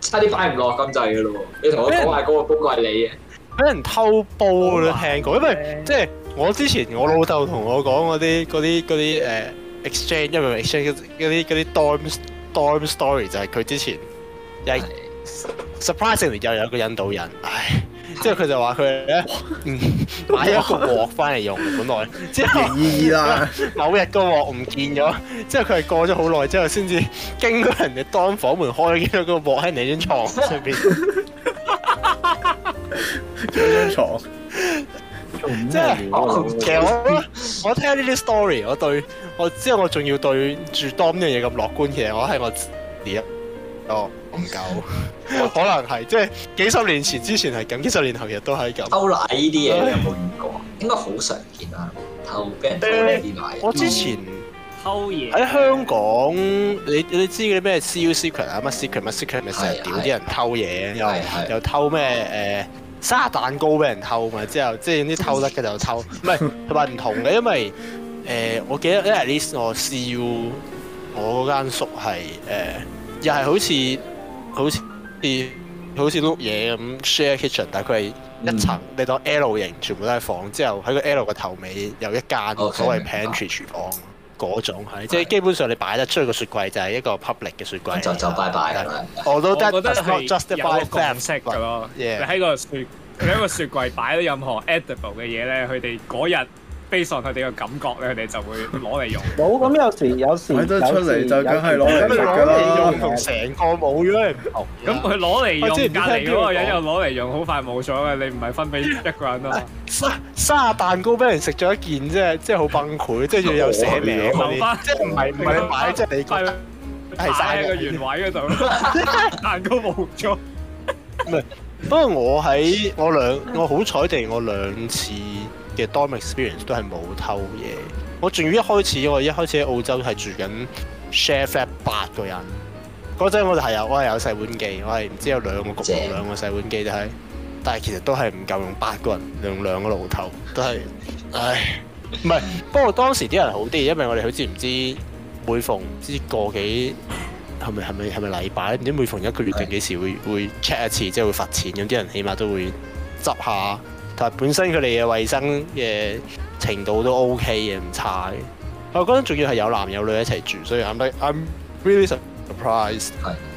差啲擺唔落咁滯嘅咯，你同我講下嗰個嗰個係你嘅。俾人偷煲我都聽過，因為即係我之前我老豆同我講嗰啲嗰啲啲誒 exchange，因為 exchange 嗰啲嗰啲 dorm story 就係佢之前又、yeah. surprisingly 又有一個印度人，唉。之後佢就話佢咧買一個鑊翻嚟用本來，好耐。即係意義啦。某日個鑊唔見咗，之後佢係過咗好耐之後，先至經過人哋當房門開，見到個鑊喺你張床上面。張張床。即係，其實我我聽呢啲 story，我對我之後我仲要對住當呢樣嘢咁樂觀，其實我係我一哦。唔夠，可能係即係幾十年前之前係咁，幾十年後亦都係咁。偷奶呢啲嘢你有冇遇過？ [laughs] 應該好常見啊！ [laughs] 偷雞、偷奶？我之前、嗯、偷嘢喺香港，嗯、你你知嗰啲咩？CU Secret 啊，乜 Secret、乜 Secret 咪成日屌啲人偷嘢，又又偷咩？誒生日蛋糕俾人偷嘛，之後即係啲偷得嘅就偷。唔 [laughs] 係，係咪唔同嘅，因為誒、呃，我記得 at least 我 CU 我嗰間宿係誒，又係好似。好似啲好似碌嘢咁 share kitchen，但係佢係一層、嗯，你當 L 型，全部都係房之後喺個 L 個頭尾有一間、哦、所謂 pantry 廚房嗰種係，即係基本上你擺得出去個雪櫃就係一個 public 嘅雪櫃，就就拜拜啦。我都覺得係有個共識嘅咯，你喺個雪喺個雪櫃擺啲任何 edible 嘅嘢呢，佢哋嗰日。悲喪佢哋嘅感覺咧，佢哋就會攞嚟用。冇咁有時有時有時有時，就梗係攞嚟用同成個冇咧。咁佢攞嚟用即係隔離嗰個人又攞嚟用，好快冇咗嘅。你唔係分俾一個人咯。生生日蛋糕俾人食咗一件啫，即係好崩潰，即係又寫名。即係唔係唔係買即係你係擺喺個原位嗰度，蛋糕冇咗。唔係，不過我喺我兩我好彩地，我兩次。嘅 d o experience 都係冇偷嘢，我仲要一開始我一開始喺澳洲係住緊 share flat 八個人，嗰陣我哋係有我係有洗碗機，我係唔知有兩個局爐兩個洗碗機，就係、是，但係其實都係唔夠用八個人用兩個爐頭，都係，唉，唔係，不過當時啲人好啲，因為我哋好似唔知道每逢不知道個幾係咪係咪係咪禮拜唔知每逢一個月定幾時候會會 check 一次，即、就、係、是、會罰錢，咁啲人起碼都會執下。但係本身佢哋嘅衞生嘅程度都 OK 嘅，唔差嘅。我覺得仲要係有男有女一齊住，所以 I'm like, I'm really surprised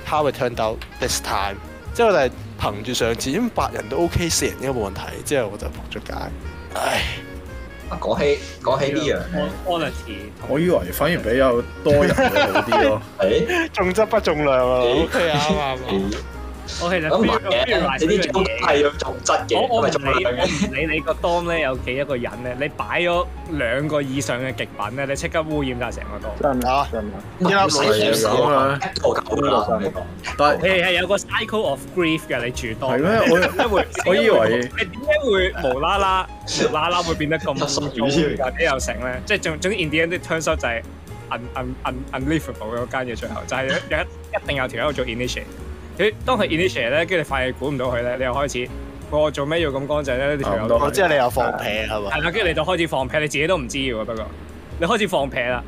how we turned out this time，即係我哋憑住上次，咁八人都 OK，四人應該冇問題。之後我就闖咗街。唉，啊講起講起呢樣，安安達士，我以為反而比較多人會好啲咯。誒， [laughs] 重質不重量啊 [laughs] ，OK 啊啱。我其實咁買嘅，你啲嘢都係要求質嘅。我我唔理你個 dorm 咧有幾多個人咧，你擺咗兩個以上嘅極品咧，你即刻污染曬成個 dorm。得唔得？得唔得？依家死死講啦，cycle 咁啦，你講。但係係係有個 cycle of grief 㗎，你住多。係咩？我一回，我以為你點解會無啦啦、啦啦會變得咁污糟，而且又醒咧？即係總總之，in the end 啲 turnout 就係 unununlivable 嗰間嘢最後，就係有一一定有條友喺度做 initiate。誒，當佢 initial 咧，跟住你快管唔到佢咧，你又開始我做咩要咁乾淨咧，啊？即係你，你又放屁係嘛？係啦，跟住你就開始放屁，你自己都唔知喎，不過你開始放屁啦，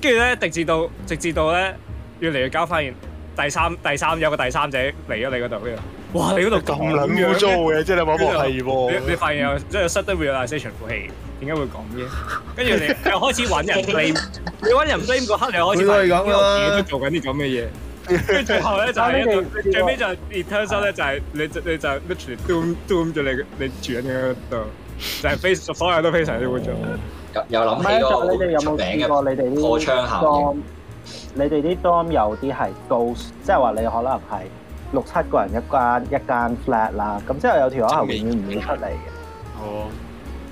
跟住咧直至到直至到咧越嚟越搞，發現第三第三有個第三仔嚟咗你嗰度嘅哇！你嗰度咁撚污糟嘅，真係冇乜係喎！你發現有即係 shutdown session 過氣，點解會講嘅？跟住你又開始揾人飛， [laughs] 你揾人飛嗰刻，你又開始、啊、自己都做緊啲咁嘅嘢。跟住最後咧就係一，最尾就 interaction 咧就係你你就 literally doom doom 住你你住喺呢度，就係 face to face 咯，非常之污糟。又諗起個好出名嘅，你哋啲窩窗下面，你哋啲 dorm 有啲係高，即係話你可能係六七個人一間一間 flat 啦，咁之後有條友係永遠唔會出嚟嘅。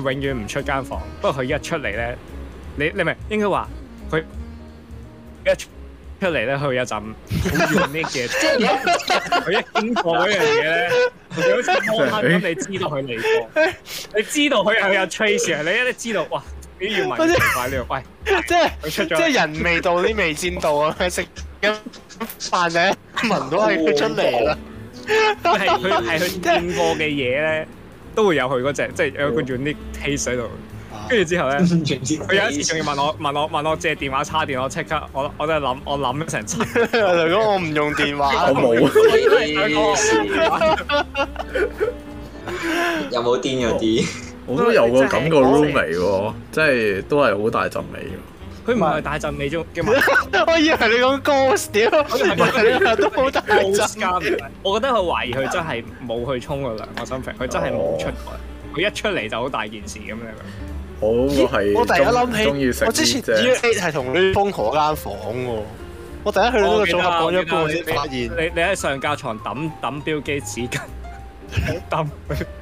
佢永遠唔出間房，不過佢一出嚟咧，你你咪應該話佢一出嚟咧，佢有陣好遠啲嘢，即係佢一經過嗰樣嘢咧，你好近摸下咁，你知道佢嚟過，你知道佢係有 trace 啊，你一知道哇，都要聞埋呢樣，喂，即係即係人未到味先到啊，食飯咧聞到係佢出嚟啦，但係佢係佢見過嘅嘢咧。都會有佢嗰隻，即係有一個 unique taste 喺度。跟、啊、住之後咧，佢 [laughs] 有一次仲要問我問我問我借電話叉電話，我即刻我我就係諗，我諗成七。我我 [laughs] 如果我唔用電話， [laughs] 我冇沒有冇癲 [laughs] [laughs] [laughs] 有啲？我都 [laughs] 有個咁個 roommate 喎，即係都係好大陣味。佢唔係大陣味中，嘅我以為你講 ghost 都冇得爭。我覺得佢，懷疑佢真係冇去沖個兩個心瓶，佢、oh. 真係冇出台，佢一出嚟就好大件事咁樣。我係我突然間諗起，我之前 U8 係同你封嗰間房喎。我第一去到嗰個組合講咗半個先發現你你喺上架床揼揼標記紙巾，揼。 [laughs] 串. [laughs]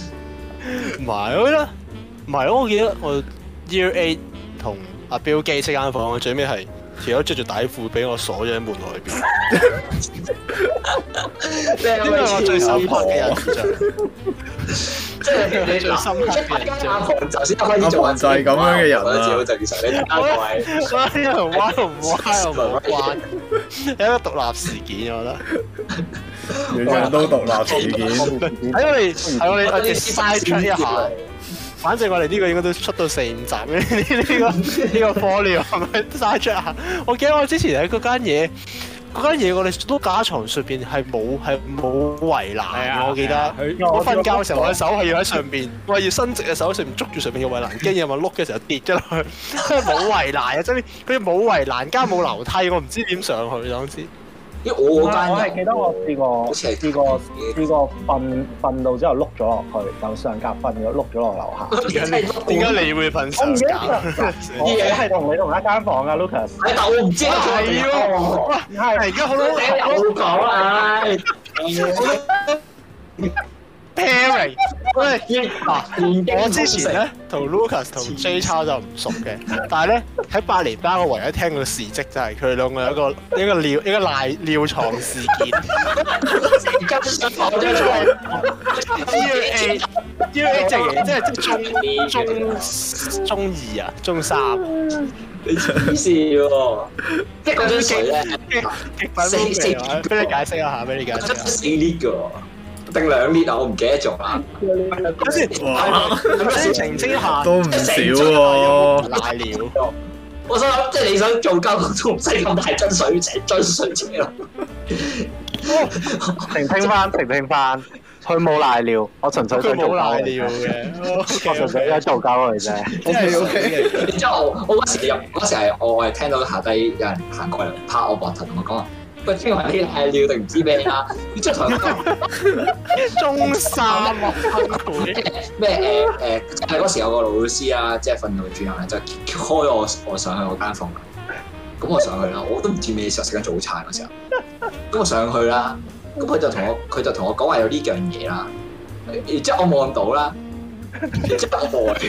唔係咯，唔係咯，我記得我 Year Eight 同阿 Bill Gates 間房間，最尾係。而家著住底褲俾我鎖咗喺門外邊。呢 [laughs] 個我最深刻嘅印象，即係你最深刻嘅印象就係咁樣嘅人啦、啊。主要就其實你啲傢伙，彎同唔彎又冇關係，有一個獨立事件，我覺得。人人都獨立事件，係 [laughs] [laughs] 因為係我哋我哋嘥出一下。反正我哋呢個應該都出到四五集嘅呢、 [laughs] 呢個呢、呢個鋪料係咪生出啊？我記得我之前喺嗰間嘢，嗰間嘢我哋都架床上邊係冇係冇圍欄嘅、啊。我記得、啊、我瞓覺嘅時候，我手係要喺上邊，我係要伸直隻手喺上面捉住上面嘅圍欄，驚夜晚碌嘅時候跌咗落去。冇 [laughs] 圍欄啊，真係佢冇圍欄，加冇樓梯，我唔知點上去，總之。唔係，我係記得我試過，好似係試過試過瞓瞓到之後碌咗落去，就上格瞓咗碌咗落樓下。點解你會瞓上格？我係同你同一間房㗎，Lukas。但我唔知啊？係喎，係。而家好多嘢好講啊！p a r 我之前咧同 Lukas 同 J Chow 就唔熟嘅，但係咧喺八年班，我唯一聽到事跡就係佢哋兩個一個一個尿一個賴尿，尿床事件。而家跑咗出去。U A，U A 即係即係中二，中中二啊，中三。你笑，即係講緊咩咧？極品死人，俾你解釋一下俾你解釋。極定兩列啊！我唔記得咗啦。嗰 [laughs] 時都唔少喎，瀨尿我想，想即係你想做膠都唔使咁大樽水， [laughs] 水車水澄清翻，澄清翻，佢冇瀨尿，我純粹想做膠嘅啫。真係 [laughs] OK 嘅、okay.。 [laughs] 然之後、okay. 我嗰時入嗰時係我係聽到下低有人行過嚟拍我膊頭唔你係料定唔知咩啦？呢張台你中山樂園咩？誒 [laughs] 誒，係、呃、嗰、呃呃就是、時候有個老師啊，即係訓導主任咧，就開、是、我我上去我間房。咁我上去啦，我都唔知咩時候食緊早餐嗰時候，咁我上去啦。咁佢就同我佢就同我講話有呢樣嘢啦。即係我望到啦，即係百代，即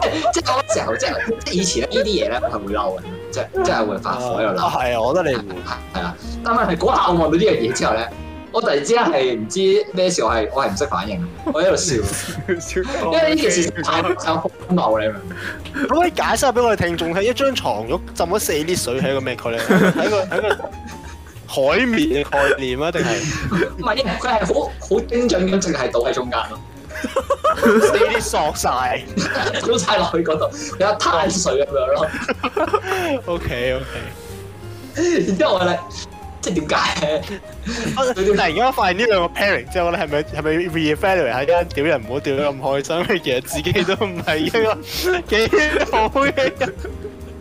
係即係嗰時候，即係即係以前呢啲嘢咧，我係會嬲嘅。即係真係會發火又啦，係啊是！我覺得你唔係啦，但問題嗰下我望到呢樣嘢之後咧，我突然之間係唔知咩時候係我係唔識反應，我喺度笑， [laughs] 因為呢件事太生氣鬧你啊！可唔可以解釋下俾我哋聽仲聽？一張床褥浸咗四啲水係一個咩概念？喺個喺個海綿嘅概念啊？定係唔係佢係好好精準咁淨係倒喺中間咯。啲啲索晒，都晒落去嗰度，有一攤水咁樣咯。OK，OK，然之後我哋即係點解？突然間發現呢兩個 pair，即係我哋係咪係咪 reevaluate 下屌人，唔好釣得咁開心。其實自己都唔係一個幾好嘅人。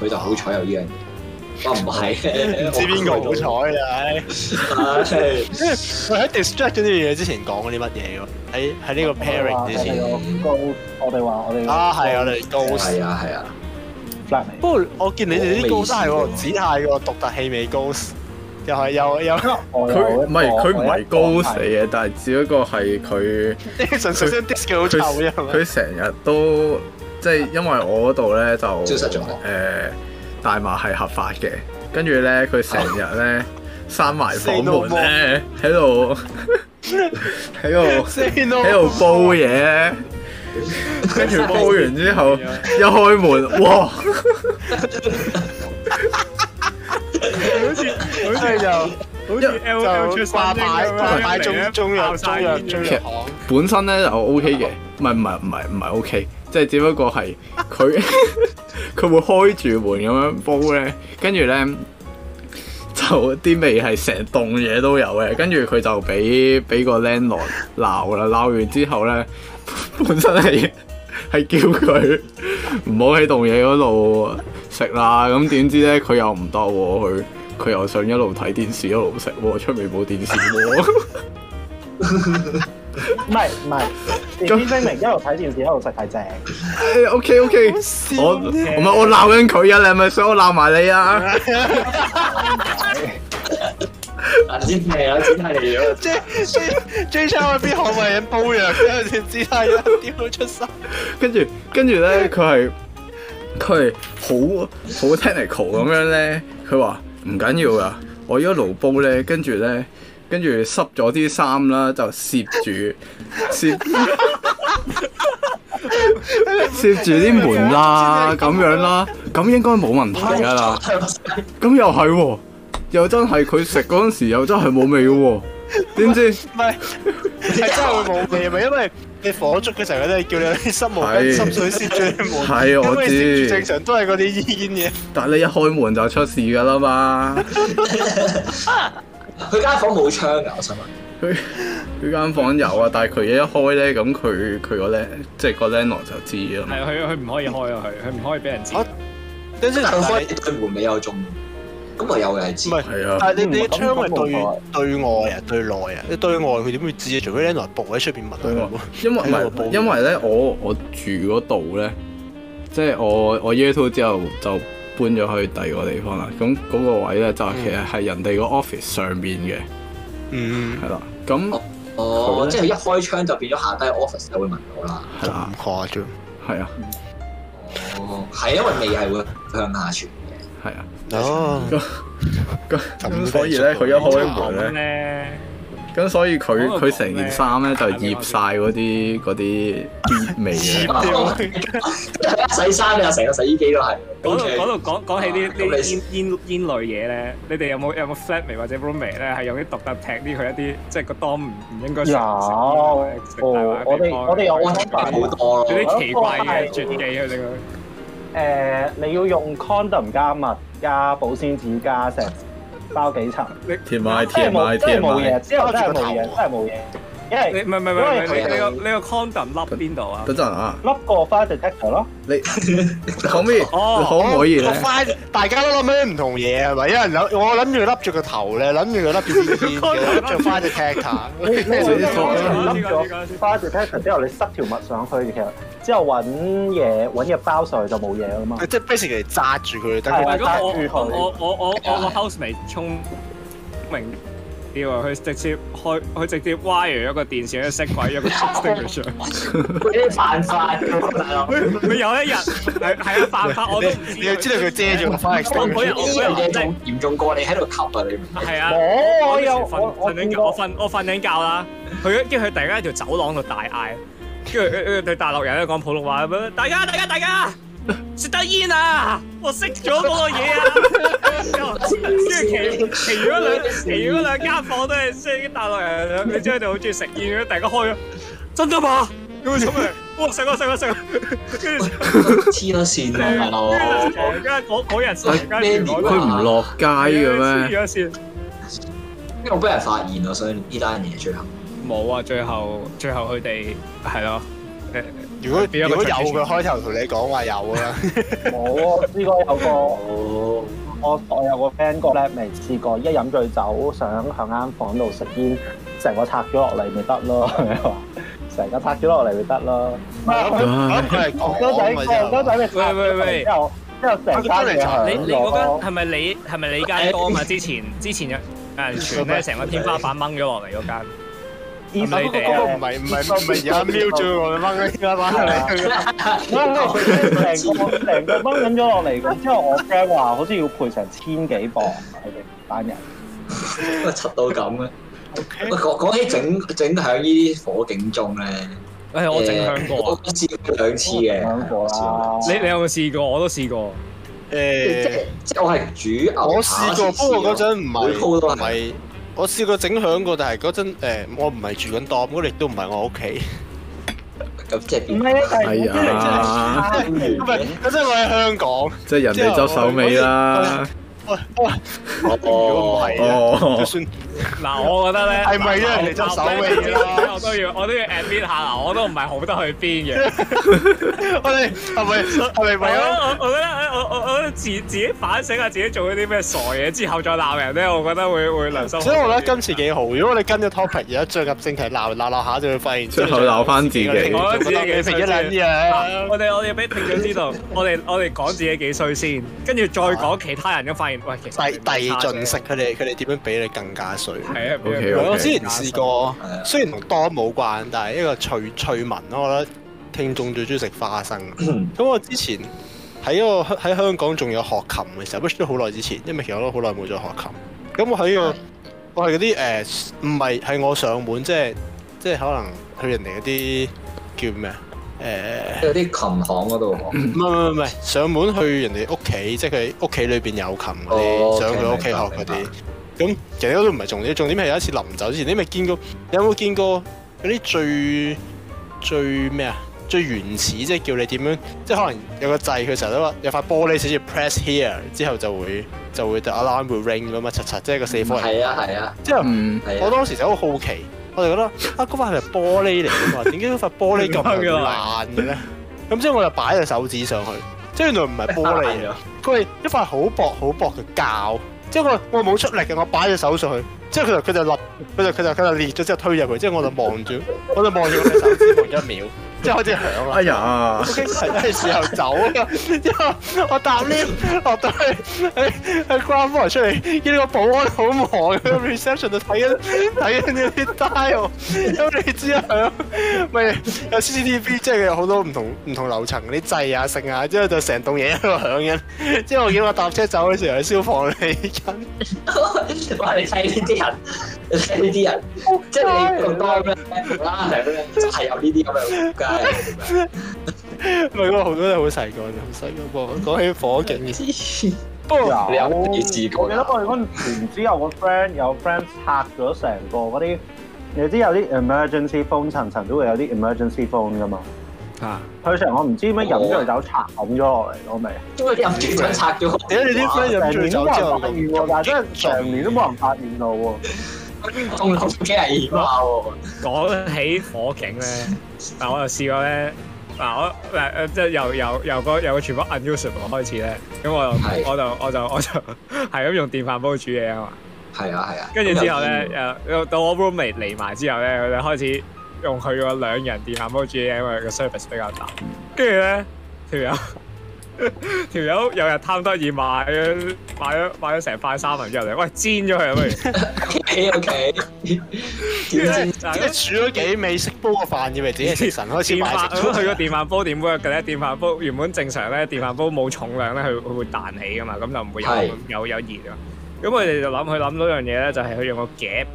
佢就好彩有呢樣嘢，我唔係唔知邊個好彩，就佢喺 distract 咗呢樣嘢之前講咗啲乜嘢喎？喺喺呢個 pairing 之前，高我哋話我哋啊，係我哋高士啊，係啊。不過，我見你哋啲高都係喎，只係個獨特氣味高士，又係又又佢唔係佢唔係高士嘅，但係只不過係佢佢成日都。即係因為我嗰度咧就消、欸、大麻係合法嘅，跟住咧佢成日咧閂埋房門咧喺度喺度喺度煲嘢，跟住煲完之後一、啊、一開門，哇！好似好似就好似就化牌，化牌中中藥，中藥本身咧就 O K 嘅，唔係唔係唔係唔係 O K。即係只不過係佢佢會開住門咁樣煲咧，跟住咧就啲味係成棟嘢都有嘅。跟住佢就俾俾個 Landlord 鬧啦，鬧完之後咧，本身係係叫佢唔好喺棟嘢嗰度食啦。咁點知咧佢又唔得喎，佢佢又想一路睇電視一路食喎，出面冇電視喎。 [laughs] 唔係唔係，TV 明一路睇電視一路食，太正。OK OK，我我咪我鬧緊佢啊，你係咪想我鬧埋你啊？阿 [laughs] [laughs] [laughs] [laughs] 啊、J，你阿 J 太嚟咗，J J J 叉去邊行為人煲藥跟住知，阿 J 點到出世？跟住跟住咧，佢係佢係好好 technical 咁樣咧。佢話唔緊要噶，我一路煲咧，跟住咧。跟住濕咗啲衫啦，就攝住攝 [laughs] 攝住啲 [laughs] 門啦，咁樣，樣啦，咁應該冇問題噶啦。咁又係喎、哦，又真係佢食嗰陣時又真係冇味嘅喎。點 [laughs] 知係真係會冇味啊？咪 [laughs] 因為你火燭嘅時候都係叫你有啲濕毛巾、濕水攝住啲門，因 [laughs] 我知住正常都係嗰啲煙煙嘢。但係你一開門就出事噶啦嘛。 [laughs] 佢間房冇窗㗎，我想問。佢佢間房有啊，但係佢一開咧，咁佢佢個咧，即係個僆奴就知啦。係啊，係啊，佢唔可以開啊，佢佢唔可以俾人知道、啊。跟住佢開，佢門尾又中，咁、啊、咪又係知道。唔係、啊，但係你你窗咪對對外、嗯、啊，對內啊，你對外佢點會知啊？除非僆奴搏喺出邊問。對外，的外對啊、因為唔因為咧，我我住嗰度咧，即係我我 year two 之後就。搬咗去第二個地方啦，咁嗰個位咧就其實係人哋個 office 上邊嘅，嗯，係啦，咁、嗯、哦，即係一開窗就變咗下低 office 就會聞到啦，係啊，誇張，係啊，哦，係因為味係會向下傳嘅，係啊，哦、啊，咁咁所以咧佢一開門咧。咁所以佢佢成件衫咧就醃晒嗰啲嗰啲黐味嘅。洗衫你就成個洗衣機都係。講到講起呢啲煙煙煙類嘢咧，你哋有冇有冇 flat 味或者 room 味咧？係用啲獨特撇啲佢一啲，即係個當唔唔應該食、yeah. oh。我哋我哋有，我喺辦好多。有啲奇怪嘅絕技喺度。誒，啊這個 uh, 你要用 condom 加密、加保鮮紙加成。包幾層？真係真係冇嘢，真係冇嘢，真係冇嘢。因為你唔係唔係唔係你你個你個 condom 甩邊度啊？等陣啊！甩個 fire detector 咯。你可唔可？你可唔可以咧？花就大家都諗啲唔同嘢係嘛？有人諗我諗住甩著個頭咧，諗住個甩 B B，甩著 fire detector。fire detector 之後你塞條物上去，其實之後揾嘢揾嘢包上去就冇嘢啦嘛。即係 basically 揸住佢，但係揸住佢。我我我我我個 house 未充明。佢直接開，佢直接 Wire 一個電視，一個色鬼，一個攝影機出嚟，佢扮曬係咯。佢有一日係啊，犯法，我都不知你，你知道佢遮住翻嚟， [laughs] 我那天 [laughs] 我依個重嚴重過你喺度吸啊！你係啊，我我瞓瞓緊覺，我瞓緊、哎、覺啦。佢跟住佢突然間喺條走廊度大嗌，跟住跟住對大陸人咧講普通話，大家大家大家。大家大家食得煙啊！我熄咗嗰個嘢啊！跟住其，其餘嗰其餘嗰兩間 [laughs] 房都係即係啲大陸人，你知佢哋好中意食煙嘅，大家開咗真嘅怕，佢佢出嚟哇！食啊食啊食啊！黐咗線啊大佬！跟住嗰嗰人成間房都攞佢唔落街嘅咩？黐咗線，因為我俾人發現啦，所以呢單嘢最後冇啊！最後最後佢哋係咯誒如果如果有佢開頭同你講話有啊，冇啊！ [laughs] 冇有個我有個未試過有過，我我有個 friend 個咧，未試過一飲醉酒，想響間房度食煙，成個拆咗落嚟咪得咯，成 [laughs] 個拆咗落嚟咪得咯。唔該，唔該，唔該，唔該。喂喂喂，之後之後成間你你嗰間係咪你係咪你間多嘛？之前之前有有人傳咧，成個天花板掹咗落嚟嗰間。二度嗰個唔係唔係唔係廿秒做落嚟掹緊，掹緊咗落嚟。係啊，係啊，係啊，零個零個掹緊咗落嚟。咁之後我 friend 話好似要賠成千幾磅，佢哋班人。乜七到咁咧？講講起整整響呢啲火警鐘咧，誒我整響過，我試過兩次嘅。你你有冇試過？我都試過。誒，即即我係主牛，我試過。不過嗰陣唔係，唔係。我試過整響過，但係嗰陣誒，我唔係住緊檔，我亦都唔係我屋企。咁即係唔係啊？係啊！我喺、 [laughs] 哎呀 [laughs] 就是哎就是、香港，即係人哋執手尾啦。喂喂，如果唔係， [laughs] [laughs] [laughs] 就算。嗱，我覺得咧，係咪因為人哋執手尾咯、啊？我都要，我都要 admit 下嗱，我都唔係好得去邊嘅。 [laughs] 我哋係咪？係咪我我覺得我我我自自己反省下自己做咗啲咩傻嘢之後再鬧人咧，我覺得會會良心。所以我覺得今次幾好。如果我哋跟咗 topic 而家進入正題鬧鬧鬧下，就會發現最後鬧翻自己，的我自己的。我覺得自己幾撚嘢。我哋我哋俾聽眾知道。我哋我哋講自己幾衰先，跟住再講其他人咁發現喂、啊，其實遞遞進式，佢哋佢哋點樣比你更加衰？係啊，okay, okay, 我之前試過，雖然多冇關，但係一個趣趣聞咯。我覺得聽眾最中意食花生。咁 [coughs] 我之前喺我喺香港仲有學琴嘅時候 which 都好耐之前，因為其實我都好耐冇再學琴。咁我喺個我係嗰啲誒唔係係我上門，即係即係可能去人哋嗰啲叫咩誒？即係啲琴行嗰度。唔係唔係唔係，上門去人哋屋企，即係佢屋企裏邊有琴啲、哦，上佢屋企學嗰啲。咁其實嗰都唔係重點，重點係有一次臨走之前你，你咪見過有冇見過嗰啲最最咩啊？最原始即係叫你點樣，即係可能有個掣，佢成日都話有，有塊玻璃寫住 press here，之後就會就會 the alarm will ring 乜乜七七，即係個四方形。係啊係啊，即係唔，我當時就好好奇，我就覺得啊，嗰、啊、塊係玻璃嚟㗎嘛，點解嗰塊玻璃咁容易爛嘅咧？咁 [laughs] 之後我就擺隻手指上去，即係原來唔係玻璃啊，佢 [laughs] 係一塊好薄好薄嘅膠。即係我我冇出力嘅，我擺咗手上去，即係佢就佢就裂，佢就佢就佢就裂咗之後推入去，即係我就望住，我就望住我手指望 [laughs] 一秒。即係開始響啦，哎呀，係咩時候走啊？之後我搭 lift 落到去，喺喺 ground 翻嚟出嚟，見到個保安好忙，喺 reception 度睇緊睇緊啲 tile，之後之後咪有 CCTV，即係有好多唔同唔同樓層嗰啲掣啊、剩啊，之後就成棟嘢喺度響緊，之後見我搭車走嘅時候，消防嚟緊，哇！你睇呢啲人，睇呢啲人，即係你嗰度多咩 level 啦，係咩？就係有呢啲咁嘅嘅。係， [laughs] [laughs] 唔係好多人都好細個，好細個。講起火警，不 [laughs] 過 [laughs] [laughs] [laughs] 你有冇自己試過？我記得我唔知有個 friend 有 friend 拆咗成個嗰啲，你知有啲 emergency phone 層層，層都會有啲 emergency phone 㗎嘛？嚇、啊！佢成日我唔知點解飲醉酒拆咗落嚟攞未？因為飲醉、嗯、酒拆咗，點解你啲 friend 就醉咗之後都冇人發現喎？但真係成年都冇人發現到喎。仲講 [music] 起火警咧，嗱、 [laughs] 就是嗯啊，我就試過咧，嗱，我即係由又個全部 unusual 開始咧，咁我就我就我就我就係咁用電飯煲煮嘢啊嘛，係啊係啊，跟住、啊、之後咧，誒，到我 roommate 嚟嚟埋之後咧，佢就開始用佢個兩人電飯煲煮嘢，因為個 service 比較大，跟住咧，聽、這、唔、個條友有日貪得意買啊，買咗買咗成塊三文一嚟，喂，煎咗佢啊不如。O K O K，條煎啊，煮咗幾味食煲個飯以為自己食神，開始買。咁佢個電飯煲點 work 嘅咧？電飯煲原本正常咧，電飯煲冇重量咧，佢佢會彈起噶嘛，咁就唔會有有有熱啊。咁我哋就諗佢諗到樣嘢咧，就係佢用個夾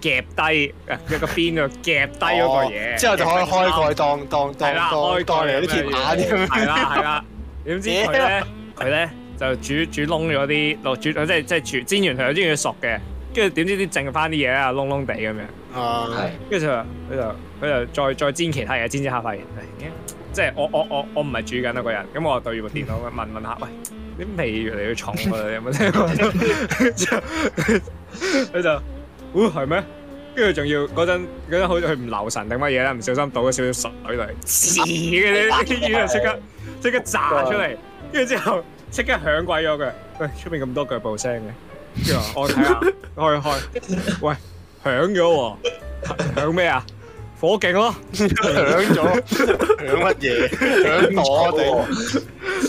夾低啊個邊個夾低嗰個嘢，之後就可以開蓋當當當開蓋嚟啲鐵板咁樣。係啦係啦。點知佢咧佢咧就煮煮窿咗啲落煮，即係即係煎完佢，煎完熟嘅，跟住點知啲剩翻啲嘢啊窿窿地咁樣，係，跟、uh, 住就佢就佢就再再煎其他嘢，煎煎下發現，即係我我我我唔係煮緊嗰個人，咁我就對住部電腦問問下喂，啲味越嚟越重 [laughs] 你有冇聽過？之後佢就，嗚係咩？跟住仲要嗰陣嗰陣，好似佢唔留神定乜嘢咧，唔小心倒咗少少水落嚟，黐嘅啲啲魚啊，即 [laughs] 刻即刻炸出嚟，跟住之後即刻響鬼咗佢，喂、哎、出面咁多腳步聲嘅，跟住我睇下，開 [laughs] 開，喂響咗喎，響咩、哦、啊？火警咯，響咗響乜嘢？響 [laughs] 我哋，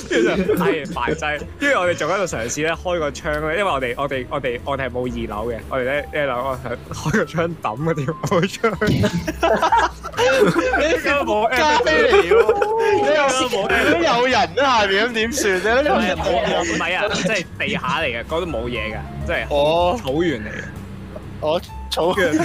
跟住就係埋擠，跟 [laughs] 住我哋仲喺度嘗試咧開個窗咧，因為我哋我哋我哋我哋係冇二樓嘅，我哋咧一樓我開開個窗抌嗰條火出去，你又冇咖啡嚟嘅，你又冇，都有人都、啊、 [laughs] 下面咁點算咧？你冇人，冇人，即係地下嚟嘅，嗰度冇嘢嘅，即係哦草原嚟嘅，我。我 Twitch, 走，跟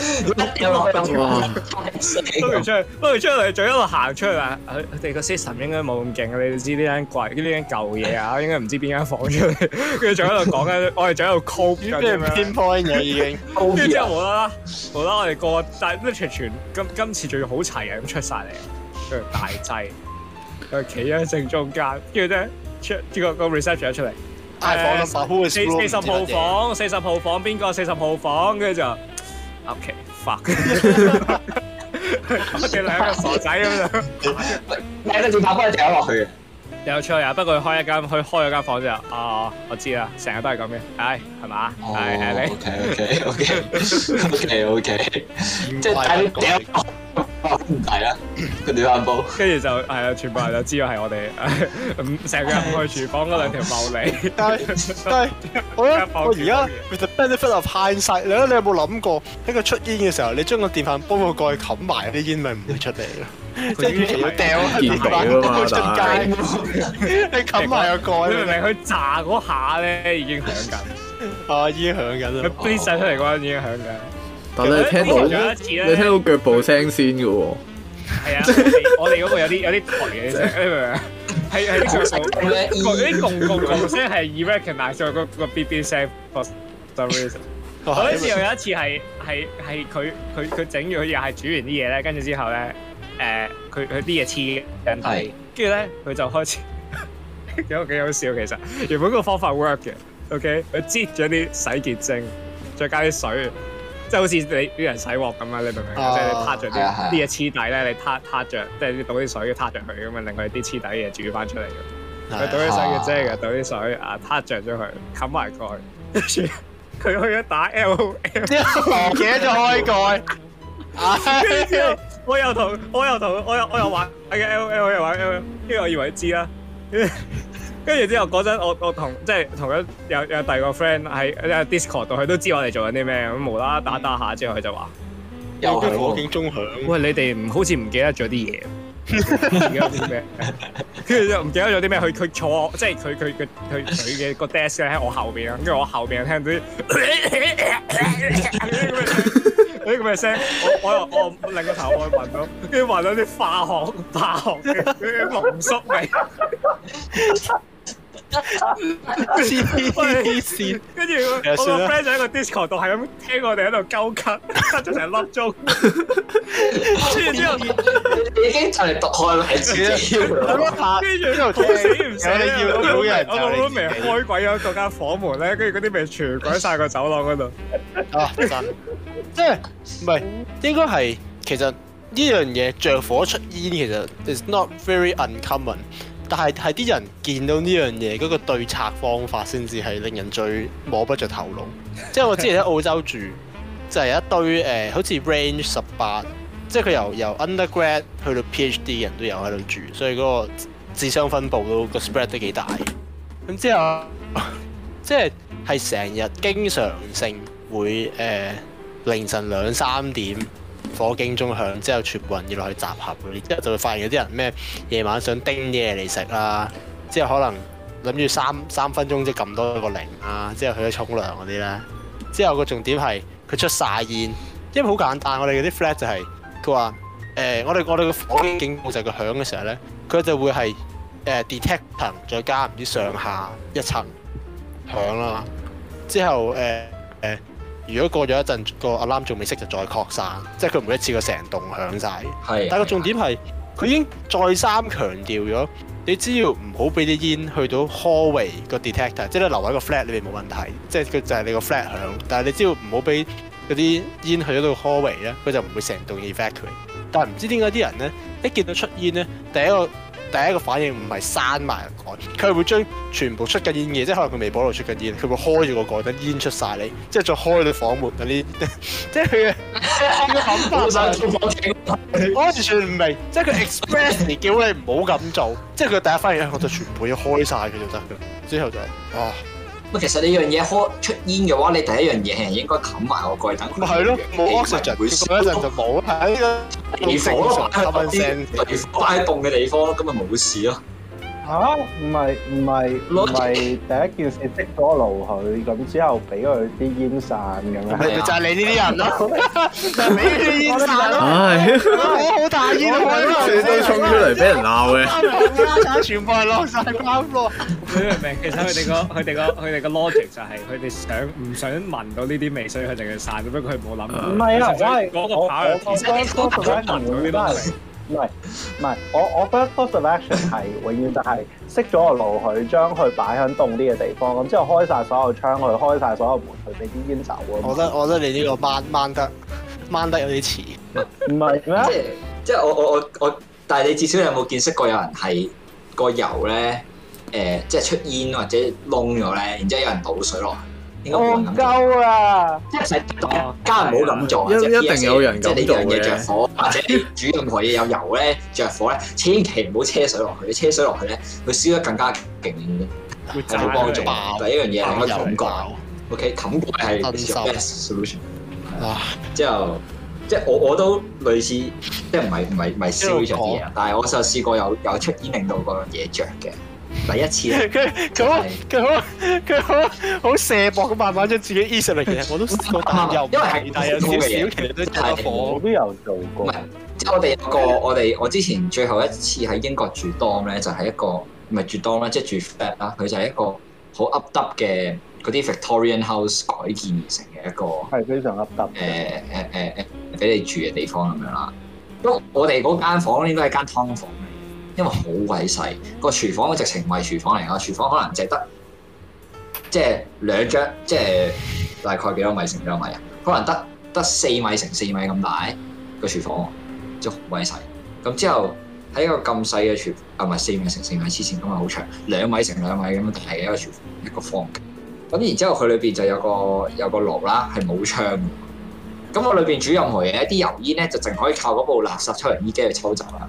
住落嚟，跟住出，跟住出去，仲一度行出去啊！佢哋個 system 應該冇咁勁，你哋知呢間貴，呢間舊嘢啊，應該唔知邊間房出嚟，跟住仲喺度講緊，我哋仲喺度 call，叫咩 point 已經，跟住之後冇啦啦，冇啦，我哋過，但係乜全全今今次仲要好齊人咁出晒嚟，跟住大劑，佢企咗喺正中間，跟住咧出，跟住個 reception 出嚟，四四十號房，四十號房邊個？四十號房，跟住就。O K，fuck，我哋兩個傻仔咁樣，你嗰時打翻條落去嘅，有趣呀？不過佢開一間，佢開咗間房之後，哦，我知啦，成日都係咁嘅，唉，係嘛？係，OK，OK，OK，OK，OK，即係等屌。大、啊、啦，個電飯煲，跟住就係啊，全部人就知道係我哋，成日入去廚房嗰兩條茂利。 [laughs] 但對，我我而家 [laughs] with the benefit of hindsight 你有冇諗過喺佢出煙嘅時候，你將個電飯煲個蓋冚埋，啲煙咪唔會出嚟咯？即係如果掉電飯煲出街，你冚埋個蓋，你唔係去炸嗰下咧，已經響緊。已經響緊啦，佢吹晒出嚟嗰陣已經響緊。但你聽到，你聽到腳步聲先嘅喎、哦。係啊，我哋嗰個有啲有啲台嘅聲, [laughs] 是 [laughs] [laughs] 聲,聲，係係腳步聲。佢以共共共聲係 recognise 個個 bb 聲。For some reason。我有一次，有一次係係係佢佢佢整完又係煮完啲嘢咧，跟住之後咧，誒佢佢啲嘢黐嘅，跟住咧佢就開始，有幾好笑其實。原本個方法 work 嘅，OK，佢擠咗啲洗潔精，再加啲水。就好似你啲人洗鑊咁樣，你明唔明，oh？即係撻著啲啲嘢黐底咧，你撻撻著，即係倒啲水撻着佢咁啊，令佢啲黐底嘢煮翻出嚟。佢倒啲水嘅啫，噶倒啲水啊，撻著咗佢，冚埋蓋。跟住佢去咗打 L O L，之後攞嘢就開蓋。我又同我又同我又玩 [laughs] [laughs] 我又玩 L O L 又玩 L O L，呢個我以為知啦。 [laughs] 跟住之後嗰陣，我我同即係同一有有第二個 friend 喺啲 Discord 度，佢都知我哋做緊啲咩，咁無啦啦打打下、嗯，之後佢就話有火警鐘響。喂，你哋唔好似唔記得咗啲嘢？記得啲咩？跟住又唔記得咗啲咩？佢佢坐即係佢佢佢佢嘅個 desk 喺我後邊啊！跟住我後邊聽到啲啲咁嘅聲，我我又我，我另一個頭我聞到，跟住聞到啲化學化學嘅 [laughs] 濃縮味。 [laughs] 黐 D D 線，跟住我個 friend 就喺個 Discord 度，係咁聽我哋喺度糾吉，咳咗成粒鐘。跟住之後已經就嚟奪開位置啦。跟住喺度死唔死啊！我我都未開鬼咗嗰間房門咧，跟住嗰啲味全鬼晒個走廊嗰度。啊，得啦，即係唔係，應該係其實呢樣嘢着火出煙，其實 is not very uncommon。但係係啲人見到呢樣嘢嗰個對策方法先至係令人最摸不着頭腦。即係我之前喺澳洲住，就係一堆、呃、好似 range 十八，即係佢由由 undergrad 去到 PhD 嘅人都有喺度住，所以嗰個智商分佈都個 spread 都幾大。咁之後，即係係成日經常性會誒、呃、凌晨兩三點。火警鐘響之後，全部人要落去集合嗰啲。之後就會發現有啲人咩，夜晚想叮嘢嚟食啦，之後可能諗住三三分鐘即撳多一個零啊，之後去咗沖涼嗰啲咧，之後個重點係佢出晒煙，因為好簡單，我哋嗰啲 flat 就係佢話誒，我哋我哋個火警警報就係個響嘅時候咧，佢就會係誒 detect 層再加唔知上下一層響啦，之後誒誒。欸欸。如果過咗一陣個 alarm 仲未熄，就再擴散，即係佢唔會一次過成棟響晒。但係個重點係佢已經再三強調咗，你只要唔好俾啲煙去到 hallway 個 detector，即係你留喺個 flat 裏邊冇問題。即係佢就係你個 flat 響，但係你只要唔好俾嗰啲煙去到個 hallway 咧，佢就唔會成棟 evacuate。但係唔知點解啲人咧一見到出煙咧，第一個第一個反應唔係閂埋個蓋，佢係會將全部出緊煙嘅，即係可能佢微波爐度出緊煙，佢會開住個蓋等煙出晒你，即係再開你房門等煙。即係佢嘅諗法。我 [laughs] [laughs] [laughs] [laughs] [laughs] [laughs] [laughs] [laughs] 完全唔明，即係佢 express 叫你唔好咁做，即係佢第一反應我就全部要開晒佢就得㗎，之後就哦。唔係，其實呢樣嘢開出煙嘅話，你第一樣嘢係應該冚埋個蓋等佢。係咯，冇 exhaustion，冇睇嘅。你放落埋啲擺喺凍嘅地方，咁咪冇事咯。嚇、啊？唔係唔係，唔嚟第一件事熄多爐佢，咁之後俾佢啲煙散咁樣就係你呢啲人咯，俾 [laughs] 佢 [laughs] 煙散。唉、哎，我好大煙、啊，可能成日衝出嚟俾人鬧嘅。全部係落曬膠。佢 [laughs] 哋明，其實佢哋個佢哋個佢哋個 logic 就係佢哋想唔想聞到呢啲味，所以佢哋要散。不過佢冇諗。唔係啊， [laughs] 唔係唔係，我我覺得 first course of action 係永遠就係熄咗個爐去，去將佢擺喺凍啲嘅地方，咁之後開晒所有窗，去開晒所有門，去俾啲煙走。我覺得我覺得你呢個掹掹得掹得有啲遲，唔係咩？即即我我我我，但係你至少有冇見識過有人係、個油咧誒、呃，即係出煙或者燶咗咧，然之後有人倒水落唔鳩啊！即係成日家人唔好咁做，PXA，一定有嘢，即係呢樣嘢着火，或者煮任何嘢有油咧着 [laughs] 火咧，千祈唔好車水落去。你車水落去咧，佢燒得更加勁，係冇幫助。第一樣嘢係冇冚蓋，OK？冚蓋係 best solution。之後即係我我都類似，即係唔係唔係唔係燒著嘅嘢，但係我就試過有有出現令到個嘢着嘅。第一次佢佢好佢好佢好好射博，辦法，將自己依上嚟。其實我都，因為係大有少少，其實都泰，我都有做過。唔係，即係我哋一個、okay. 我哋我之前最後一次喺英國住 dorm 咧，就係、是、一個唔係住 dorm 啦，即、就、係、是、住 flat 啦。佢就係一個好 up up 嘅嗰啲 Victorian house 改建而成嘅一個，係非常 up up 誒誒誒誒，俾、呃呃呃呃、你住嘅地方咁、嗯、樣啦。咁我哋嗰間房應該係間湯房。因為好鬼細，個廚房嘅直情唔係廚房嚟㗎，個、廚房可能淨得即係兩張，即、就、係、是、大概幾多米乘幾多米啊？可能得得四米乘四米咁大個廚房，真好鬼細。咁之後喺一個咁細嘅廚，啊唔係四米乘四米黐線，咁咪好長，兩米乘兩米咁，但係一個廚房一個方。咁然之後佢裏邊就有個有個爐啦，係冇窗嘅。咁我裏邊煮任何嘢，啲油煙咧就淨可以靠嗰部垃圾抽油煙機去抽走啦。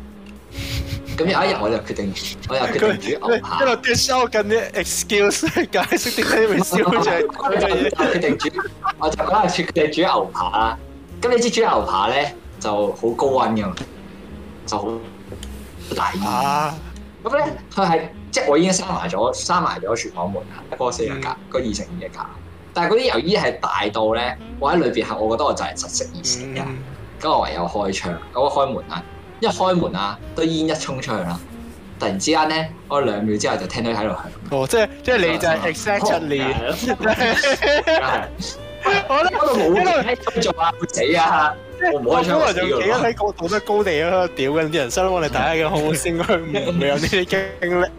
咁有一日我就決定，我又決定煮牛扒。一路脫收緊啲 excuse 解釋點解你唔燒 [laughs] 決,定 [laughs] 決定煮，我就講下煮嘅煮牛扒啦。咁你知煮牛扒咧就好高溫嘛，就好大煙。咁咧佢係即係我已經閂埋咗閂埋咗廚房門啦，開四日架個格，嗯、二成二日架。但係嗰啲油煙係大到咧，我喺裏邊嚇，我覺得我就係實食熱死嘅。咁、嗯、我唯有開窗，我開門啦。一開門啊，堆煙一衝出去啦！突然之間咧，開兩秒之後就聽到喺度響。哦，即係即係你就係 exactly、哦。哦就是、 [laughs] [laughs] [laughs] [laughs] 我呢度冇，因為喺工作啊，死啊！我冇開窗，我仲企喺個度，喺高地 [laughs] 啊，屌嘅啲人收我哋睇嘅，好唔好先？佢唔有呢啲經歷，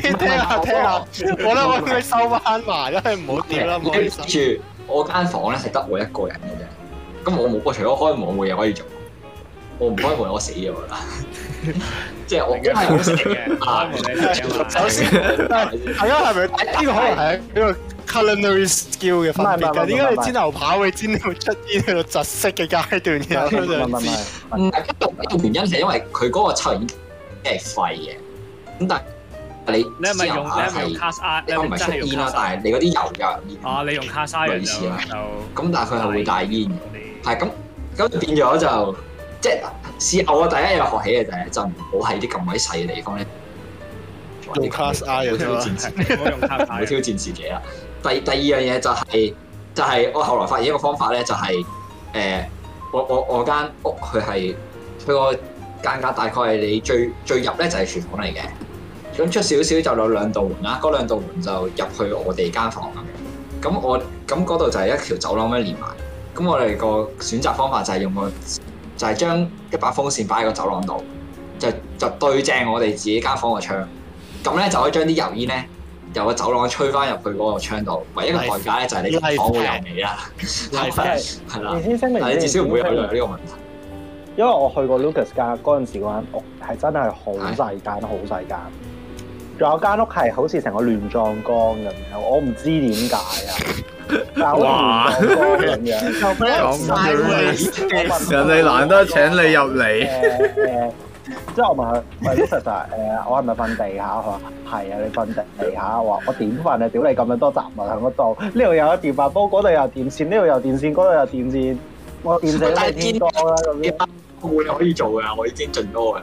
啲 [laughs] 聽下一聽下。 [laughs] 聽一下 [laughs] 我咧呢、 [laughs] [laughs] okay，我收翻埋，因為唔好掂。啦，住。我間房咧係得我一個人嘅啫，咁 [laughs] 我冇，我除咗開門，我冇嘢可以做。我唔開門，我死咗啦！即係我，我死嘅。啊，首先係啊，係咪？係呢個可能係呢個 culinary skill 嘅方面嘅。點解你煎牛扒會煎到出煙去到窒息嘅階段嘅？唔係唔係唔係。唔係，因為同唔同點一樣，係因為佢嗰個抽已經係廢嘅。咁但係你係咪用唔係出煙啦，但係你嗰啲油又入煙。啊，你用 cast iron，唔係意思啊？咁但係佢係會大煙嘅。係咁，咁變咗就。即係試，我第一日學起嘅就係就唔好喺啲咁鬼細嘅地方咧。冇、no、class I 嘅，挑戰自己， [laughs] 用卡冇 [laughs] 挑戰自己啊！第二第二樣嘢就係、是、就係、是、我後來發現一個方法咧、就是，就係誒我我我間屋佢係佢個間隔大概係你最最入咧就係廚房嚟嘅，咁出少少就有兩道門啦。嗰兩道門就入去我哋間房咁樣。咁我咁嗰度就係一條走廊咁樣連埋。咁我哋個選擇方法就係用個。就係、是、將一把風扇擺喺個走廊度，就就對正我哋自己間房個窗，咁咧就可以將啲油煙咧由個走廊吹翻入去嗰個窗度。唯一嘅代價咧就係、是、你間房會有味啦，係啦。你 [laughs] 先你至少唔會去到有呢個問題。因為我去過 Lukas 家嗰陣時嘅話，屋係真係好細間，好細間。仲有間屋係好似成個亂葬崗咁樣，我唔知點解啊！搞亂葬崗咁樣，咁嘅人哋難得請你入嚟。誒，即係我問佢，喂，其實誒，我係咪瞓地下？佢話係啊，你瞓地地下。我話我點瞓啊？屌你咁樣多雜物喺嗰度，呢度又有電飯煲，嗰度又電線，呢度又電線，嗰度又電線，我電死都係天光啦。我可以做噶，我已經盡多噶。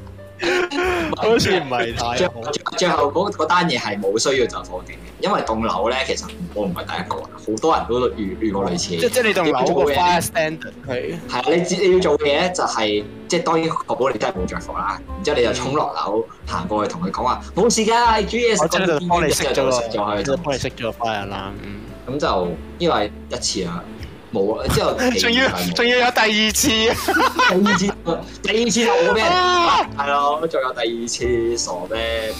[laughs] 好似唔係太，最最後嗰嗰單嘢係冇需要着火嘅，因為棟樓咧其實我唔係第一個，好多人都遇遇過類似。哦、即即你棟樓做個 fire standard 係係啊，你你要做嘢就係、是、即當然確保你真係冇着火啦，然之後你就衝落樓行過去同佢講話冇事噶，煮嘢食。我真係幫你熄咗啦，幫你熄咗 fire 啦，咁就，、嗯、就因為一次啊。冇啦，之後仲要仲要有第二次，啊，第二次， [laughs] 第二次就咩？ [laughs] 係咯，仲有第二次傻咩？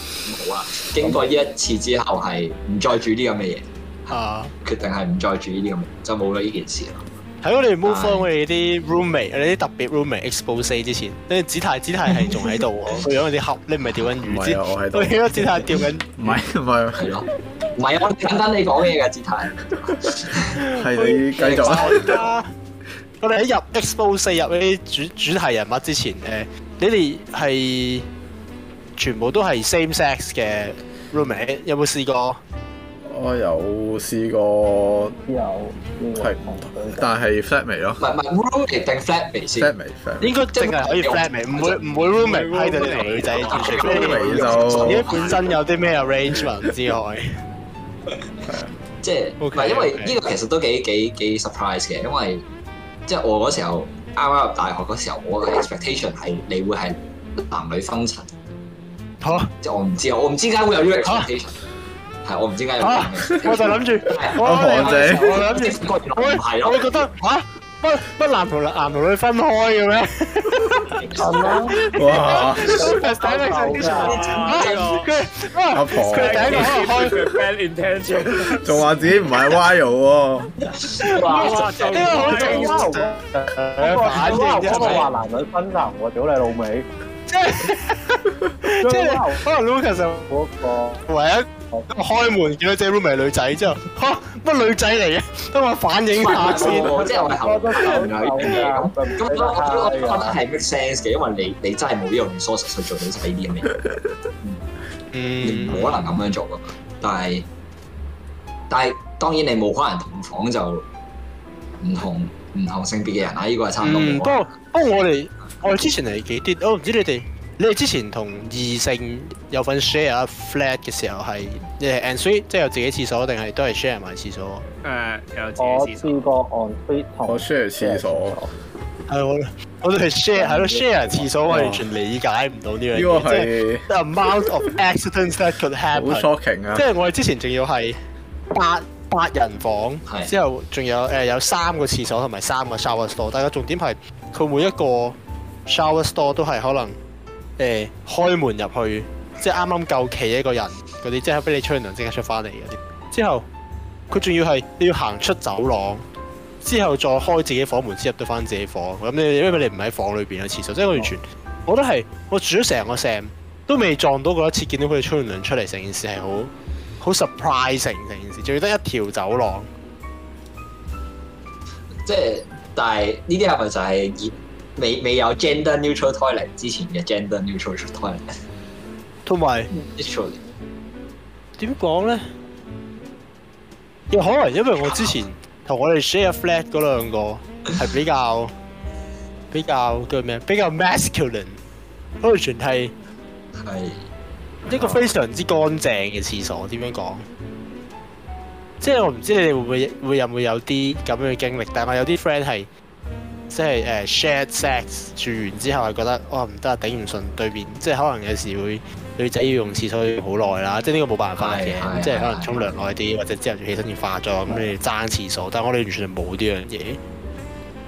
冇啦，經過呢一次之後係唔再煮啲咁嘅嘢，啊、決定係唔再煮呢啲咁，就冇啦呢件事啦。係、啊、咯，你 move 翻我哋啲 roommate，我哋啲特別 roommate expose 之前，啲紫太紫太係仲喺度，佢攞嗰啲盒，你唔係釣緊魚？唔係我喺度。我見到紫太釣緊，唔係唔係。 [laughs] 唔係我，簡單你講嘢嘅姿態，係你繼續啦。我哋喺入 expo 四入呢啲主主題人物之前，誒，你哋係全部都係 same sex 嘅 roommate，有冇試過？我有試過，有，係，但係 flat 眉咯。唔係唔係，roommate 定 flat 眉先？flat 眉 flat 眉，應該淨係可以 flat 眉，唔會唔會 roommate 批到啲女仔跳出 roommate 就。咦？本身有啲咩 arrangement 之外？即係唔係？因為呢個其實都幾幾幾 surprise 嘅，因為即係、就是、我嗰時候啱啱入大學嗰時候，我個 expectation 係你會係男女分層，吓即係我唔知啊，我唔知點解會有 expectation，oh. 係我唔知點解有講嘅，oh. 我就諗住我諗住，唔係咯， [laughs] 我會覺得吓。乜乜男同男同女分開嘅咩？係咩？哇！佢第一個可以開 bad intention，仲話自己唔係 wire 喎。哇！呢個好正。我話我唔話男女分層喎，屌你老味！即係即係，可能 Lukas 其實嗰個唯一開門見到只 room 係女仔之後，吓，乜女仔嚟嘅？等我反應下先。即係我係後嚟諗嘅咁。咁我我我覺得係 make sense 嘅，因為你你真係冇呢個 resource 去做到晒呢啲咁嘅嘢。你唔可能咁樣做噶。但係但係，當然你冇可能同房就唔同唔同性別嘅人啊！呢個係差唔多。不過不過我哋。我、哦、哋之前係幾啲，我、哦、唔知你哋，你哋之前同異性有份 share flat 嘅時候係，你係 ensuite 即係有自己廁所定係都係 share 埋廁所？誒、呃，我試過 on three 同我 share 廁所，係、yeah, 啊、我我,我,我, share, 我都係 share 係咯 share 廁所，我完全理解唔到呢樣嘢，amount of accidents that could happen 好 shocking 啊！即係我哋之前仲要係八八人房，是的之後仲有誒、呃、有三個廁所同埋三個 shower store 但係重點係佢每一個。Shower store 都係可能誒、欸、開門入去，嗯、即係啱啱夠企一個人嗰啲，即刻俾你吹完涼，即刻出翻嚟嗰啲。之後佢仲要係你要行出走廊，之後再開自己房門先入得翻自己房。我你，因為你唔喺房裏邊嘅廁所，即係我完全，我都係我住咗成個 sem 都未撞到過一次見到佢哋吹完涼出嚟，成件事係好好 surprising。成件事仲要得一條走廊，即係但係呢啲係咪就係未未有 gender neutral toilet，之前嘅 gender neutral toilet，同埋點講咧？又可能因為我之前同我哋 share flat 嗰兩個係比較比較叫咩？比較 masculine，都完全係係一個非常之乾淨嘅廁所。點樣講？即係我唔知你哋會唔會會有冇有啲咁樣嘅經歷，但係我有啲 friend 係。即係誒、uh, share sex 住完之後係覺得哇唔得啊，頂唔順對面，即係可能有時會女仔要用廁所好耐啦，即係呢個冇辦法嘅， [noise] 即係可能沖涼耐啲或者之後要起身要化妝咁、 [noise] 嗯嗯、你哋爭廁所，但係我哋完全冇呢樣嘢。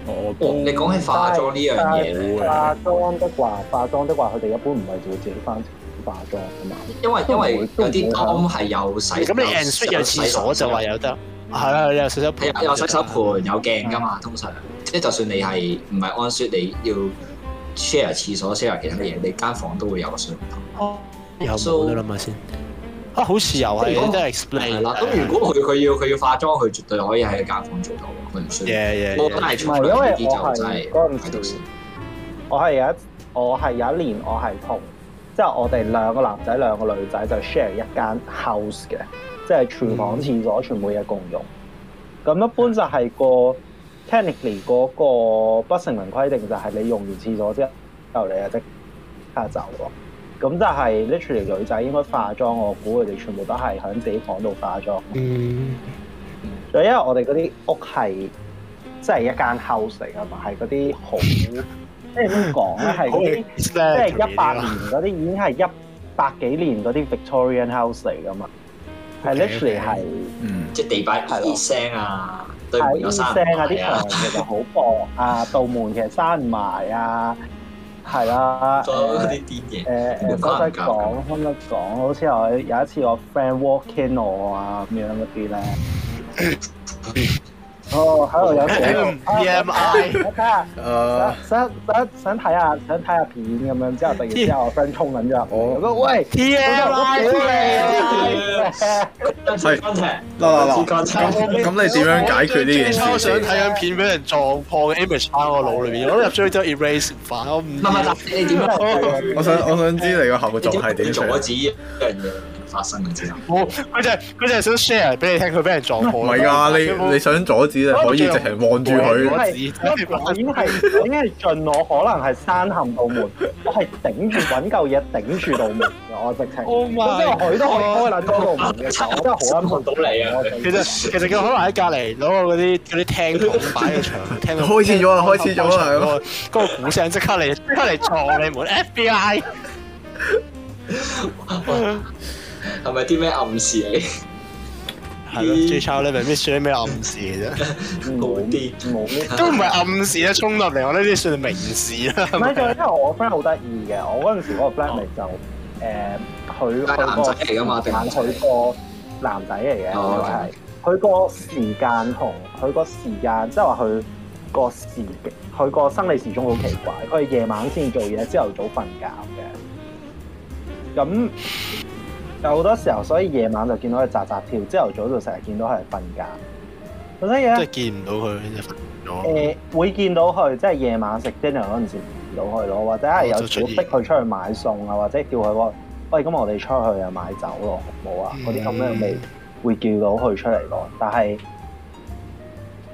哦、嗯，你講起化妝呢樣嘢，化妝的話化妝的話，佢哋一般唔係就自己翻房化妝啊嘛。因為因為有啲廁係有使，咁、嗯、你人 share 有廁所就話有得。係啊，有洗手，有有洗手盆，有鏡噶嘛。通常即係， [music] 就算你係唔係按說你要 share 廁所 share 其他嘢，你間房都會有個水龍頭，有你諗下先。啊，好似有啊。咁真係 explain 啦。咁如果佢，佢要佢要化妝，佢絕對可以喺間房間做到，佢唔需要。我真係 share 就真係我係有一我係有一年我係同即係、就是、我哋兩個男仔兩個女仔就 share 一間 house 嘅。即係廚房、廁所全部嘢共用，咁、嗯、一般就係、嗰個 technically 嗰、 [music] 嗰個不成文規定就係你用完廁所之後由嚟啊即刻走咯。咁就係 literally 女仔應該化妝，我估佢哋全部都係喺自己房度化妝。嗯，就因為我哋嗰啲屋係即係一間 house 嚟啊 [laughs] 要、 [laughs] okay. [laughs] 嘛，係嗰啲好即係點講咧，係嗰啲即係一百年嗰啲已經係一百幾年嗰啲 Victorian house 嚟噶嘛。係、okay, literally 係、okay，嗯，即係地板咯，聲啊，對唔到聲啊，啲牆其實好薄啊，門啊啊 [laughs] 道門其實閂唔埋啊，係啦、啊，做啲癲嘢，誒，我再講，可唔可以講，好似我有一次我 friend walk in 我啊咁樣咁啲咧。 [laughs] [laughs] 哦，喺度有事喎！E M I，睇下，想想想睇下想睇下、啊啊啊、片咁樣，之後突然之間我 friend 衝緊啫，喂，T M I 出嚟啦！係落、啊、落落，咁咁、啊、你點樣解決啲嘢？我想睇緊片，俾人撞破嘅 image 喺我腦裏邊，我入咗去都 erase 唔翻，我唔唔唔，你點啊？我想我想知你個後果仲係點？阻止。發生嗰隻，佢就佢就想 share 俾你聽，佢俾人撞破。唔係啊，你你想阻止咧，可以直情望住佢。我係我已經係盡 [laughs] 我可能係閂實道門，我係頂住揾嚿嘢頂住道門。我直情，即係佢都可以開 oh. Oh. [laughs] 可能過到,到門。真係好啱碰到你啊！其實其實佢可能喺隔離攞個嗰啲嗰啲聽筒擺喺牆，開始咗啦，開始咗啦，嗰 [laughs] 個嗰個鼓聲即刻嚟即刻嚟撞你門，F B I。FBI [laughs] 係咪啲咩暗示嚟？係咯，J Chow，你未必算啲咩暗示嘅啫？冇啲，冇 [laughs] 都唔係暗示啦，衝落嚟我呢啲算係明示啦。唔係 [laughs] 就係， [laughs] 嗯的啊、的 [laughs] 因為我 friend 好得意嘅，我嗰陣時我個 friend 嚟，就誒，佢佢個男仔嚟嘛，定佢個男仔嚟嘅，佢係佢個時間同佢個時間，即係話佢個時佢個生理時鐘好奇怪，佢係夜晚先做嘢，朝頭早瞓覺嘅。咁有好多時候，所以夜晚就見到佢扎扎跳，朝頭早就成日見到佢瞓覺。好多嘢啊！即係見唔到佢，瞓咗。誒、呃，會見到佢，即係夜晚食 dinner，嗰陣時見到佢咯，或者係有時逼佢出去買餸啊，或者叫佢、哦、喂，咁我哋出去啊買酒咯，好冇啊？嗰啲咁樣咪會叫到佢出嚟咯。但係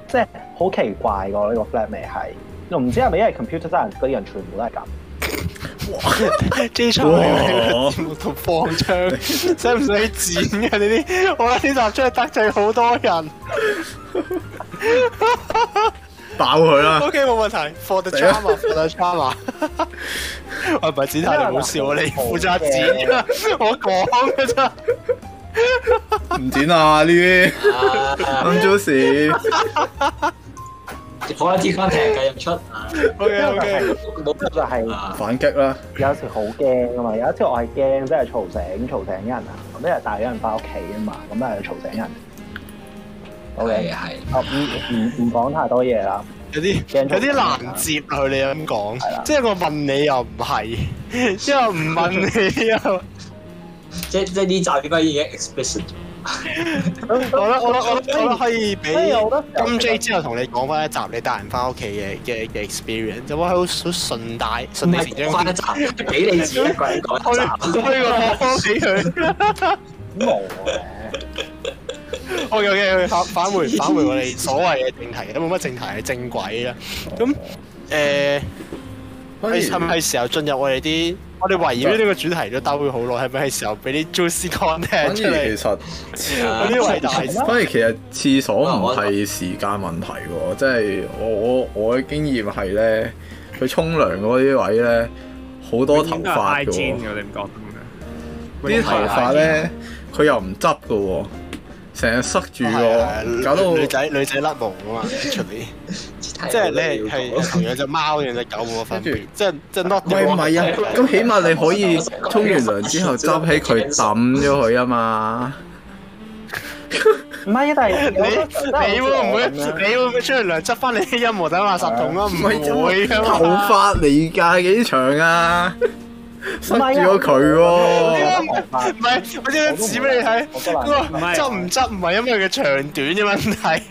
即係好奇怪噶呢、呢個 flat 靡係，又唔知係咪因為 computer game 嗰啲人全部都係咁。J. C. 喺節目度放槍，使唔使剪嘅呢啲？我諗呢集真係得罪好多人，爆佢啦！O. K. 冇問題，for the drama，for、啊、the drama。 [laughs] [laughs] 我唔係剪太令好笑，你負責剪我講嘅咋？唔 [laughs] 剪啊呢啲咁 j o u C. 好一啲翻嚟，繼續出。因為係，冇、okay. 就係、是 okay. 反擊啦。有時好驚啊嘛，有一次我係驚，即係嘈醒嘈醒人啊，咁一日帶咗人翻屋企啊嘛，咁啊嘈醒人。O K 係，唔唔唔講太多嘢啦。有啲有啲難接佢，你咁講，即係、就是、我問你又唔係，之後唔問你又 [laughs] [laughs] [laughs] [laughs] 即，即即呢集點解要 explicit [laughs] 我的 [laughs] 我我我都可以俾金 J 之後同你講翻一集你帶人翻屋企嘅嘅嘅 experience，咁好好順帶順理成章翻一集，俾你自己一,一個人講一集，開個方死佢，冇 [laughs] 嘅。好嘅嘅嘅，反回返回我哋所謂嘅正題，都冇乜正題係正軌啦。咁誒，係、呃、係、嗯嗯、時候進入我哋啲。我哋圍繞呢個主題都討論好耐，係咪係時候俾啲 juicy content 出嚟？其實 [laughs] 我呢個係大、就是、反而其實廁所唔係時間問題喎，即、就、係、是、我我我嘅經驗係咧，佢沖涼嗰啲位咧好多頭髮㗎喎。我點講？啲頭髮咧，佢又唔執㗎喎，成日塞住喎，搞到女仔女仔甩毛㗎嘛。 [laughs] 即、就、係、是、你係同樣隻貓，同 [laughs] 隻狗冇分別。即係即係 lock 唔係啊，咁、啊、起碼你可以沖完涼之後執起佢抌咗佢啊嘛。唔 [laughs] 係，但係 [laughs] 你你，你會唔會你會唔會沖完涼執翻你啲陰毛喺垃圾桶啊？唔 [laughs] 會。頭髮嚟嘅幾長啊？ [laughs] 塞住咗佢喎。唔係， [laughs] 我將張紙俾你睇。執唔執唔係因為佢長短嘅問題。 [laughs]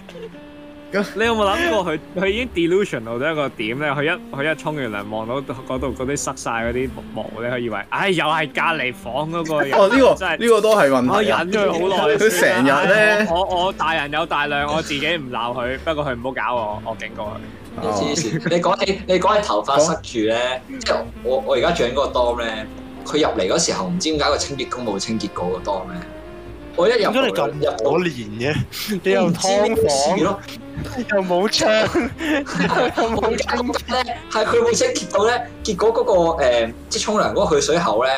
你有冇諗過佢？佢已經 delusion 到一個點咧，佢一佢一沖完涼望到嗰度嗰啲塞晒嗰啲毛咧，佢以為，唉，又係隔籬房嗰個。哦，呢個呢個都係問題。我忍咗佢好耐。佢成日咧，我我大人有大量，我自己唔鬧佢，不過佢唔好搞我，我警告佢。黐線！你講起你講起頭髮塞住咧，即係我我而家住喺嗰個 dom 咧，佢入嚟嗰時候唔知點解個清潔工冇清潔嗰個 dom 咧，我一入咁入可憐嘅，你又拖房咯。又冇窗，冇夾得咧，係佢冇車揭到咧，結果嗰個誒，即係沖涼嗰個去水口咧，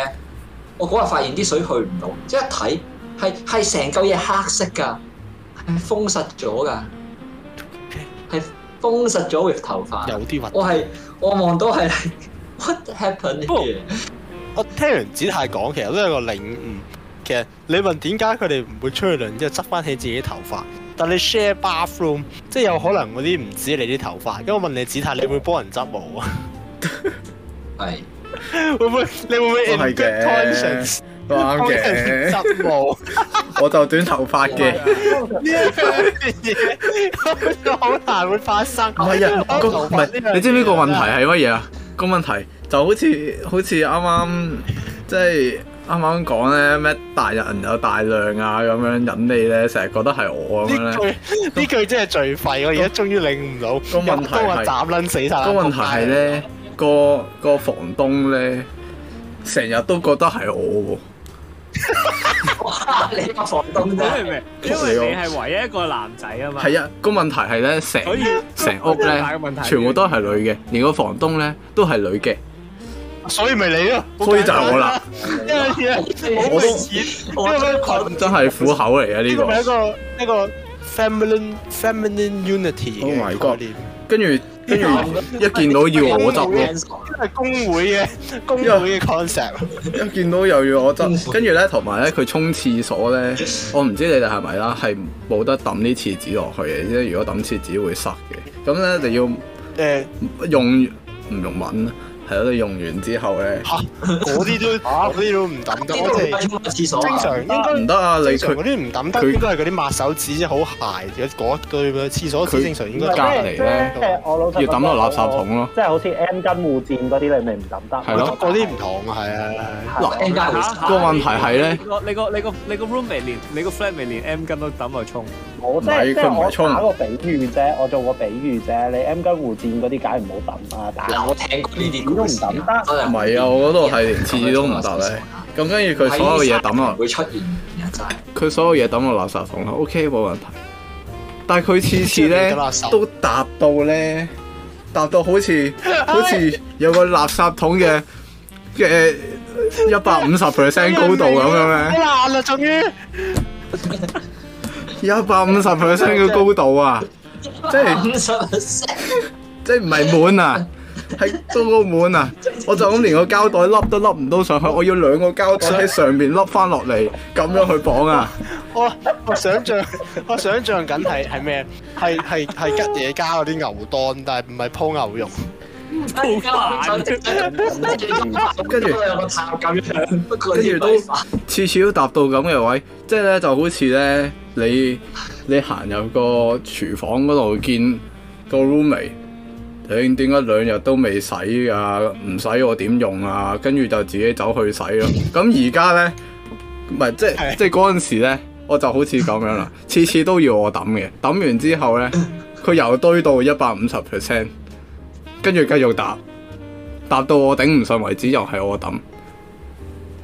我嗰日發現啲水去唔到，即係一睇，係係成嚿嘢黑色噶，係封實咗噶，係封實咗頭髮，有啲核，我係我望到係 what happened here？不過我聽完子泰講，其實都有個領悟。其實你問點解佢哋唔會沖涼，之後執翻起自己頭髮？但你 share bathroom，即係有可能嗰啲唔止你啲頭髮，因為我問你 Gtai，你會幫人執毛啊？係，會唔會？你會唔會我？我係嘅，good conscience 都啱嘅。執毛， [laughs] 我就短頭髮嘅。呢啲嘢，我覺得好難會發生。唔 [laughs] 係啊，唔係，你知唔知個問題係乜嘢啊？ [laughs] 個問題就好似好似啱啱即係。就是啱啱講咧咩大人有大量啊咁樣忍你咧，成日覺得係我咁樣咧。呢句呢句真係最廢，我而家終於領唔到。個問題係，個問題係咧，個個房東咧，成日都覺得係我喎。哇！你個傻東啫，因為你係唯一一個男仔啊嘛。係啊，個問題係咧，成成屋咧，全部都係女嘅，連個房東咧都係女嘅。所以咪你咯，所以就我啦。 [laughs] 因為咩？我錢。因 [laughs] 真係苦口嚟啊！呢、 [laughs] 這個呢個呢個 feminine feminine unity 嘅。跟住跟住一見到要我執咯。 [laughs] 因為公會嘅公會嘅 concept。 [laughs] [laughs] 一見到又要我執。跟住咧，同埋咧，佢沖廁所咧，我唔知你哋係咪啦，係冇得抌呢廁紙落去嘅，即係如果抌廁紙會塞嘅。咁咧你要誒用唔 [laughs] 用襪咧？喺度用完之後咧，嚇嗰啲都嚇，嗰啲都唔抌得廁所，正常應該唔得啊！你佢佢應該係嗰啲抹手指好鞋，有嗰一堆廁所。佢正常應該隔離咧，要抌落垃圾桶咯。即係好似 M 巾護墊嗰啲，你咪唔抌得。係咯，嗰啲唔同啊，係係係。嗱，個問題係咧，你個你個你個 roommate 連你個 friend 咪連 M 巾都抌去沖。我即係我打個比喻啫，我做個比喻啫。你 M 巾護墊嗰啲梗係唔好抌啊！但係我聽過呢啲。唔得，唔、啊、係啊！我嗰度係次次都唔抌咧。咁跟住佢所有嘢抌落，佢所有嘢抌落垃圾桶啦。OK，冇問題。但係佢次次咧都達到咧，達到好似、哎、好似有個垃圾桶嘅嘅一百五十 percent 高度咁樣咧。哎哎哎哎哎哎哎、好爛啊！終於一百五十 percent 嘅高度啊，哎哎、即係五十 percent，即係唔係滿啊？哎哎哎喺租澳門啊！我就咁連個膠袋笠都笠唔到上去，我要兩個膠袋喺上面笠翻落嚟，咁樣去綁啊！我我想象我想象緊係係咩？係係係吉野家嗰啲牛檔，但係唔係鋪牛肉。鋪嘅，跟住都，跟住都，次次都搭到咁嘅位，即係咧就好似咧你你行入個廚房嗰度見個 roommate。你點解兩日都未洗啊？唔使我點用啊？跟住就自己走去洗咯，啊。咁而家呢，唔係即係即係嗰陣時咧，我就好似咁樣啦，次次都要我抌嘅，抌完之後呢，佢又堆到一百五十 percent，跟住繼續抌，抌到我頂唔順為止，又係我抌。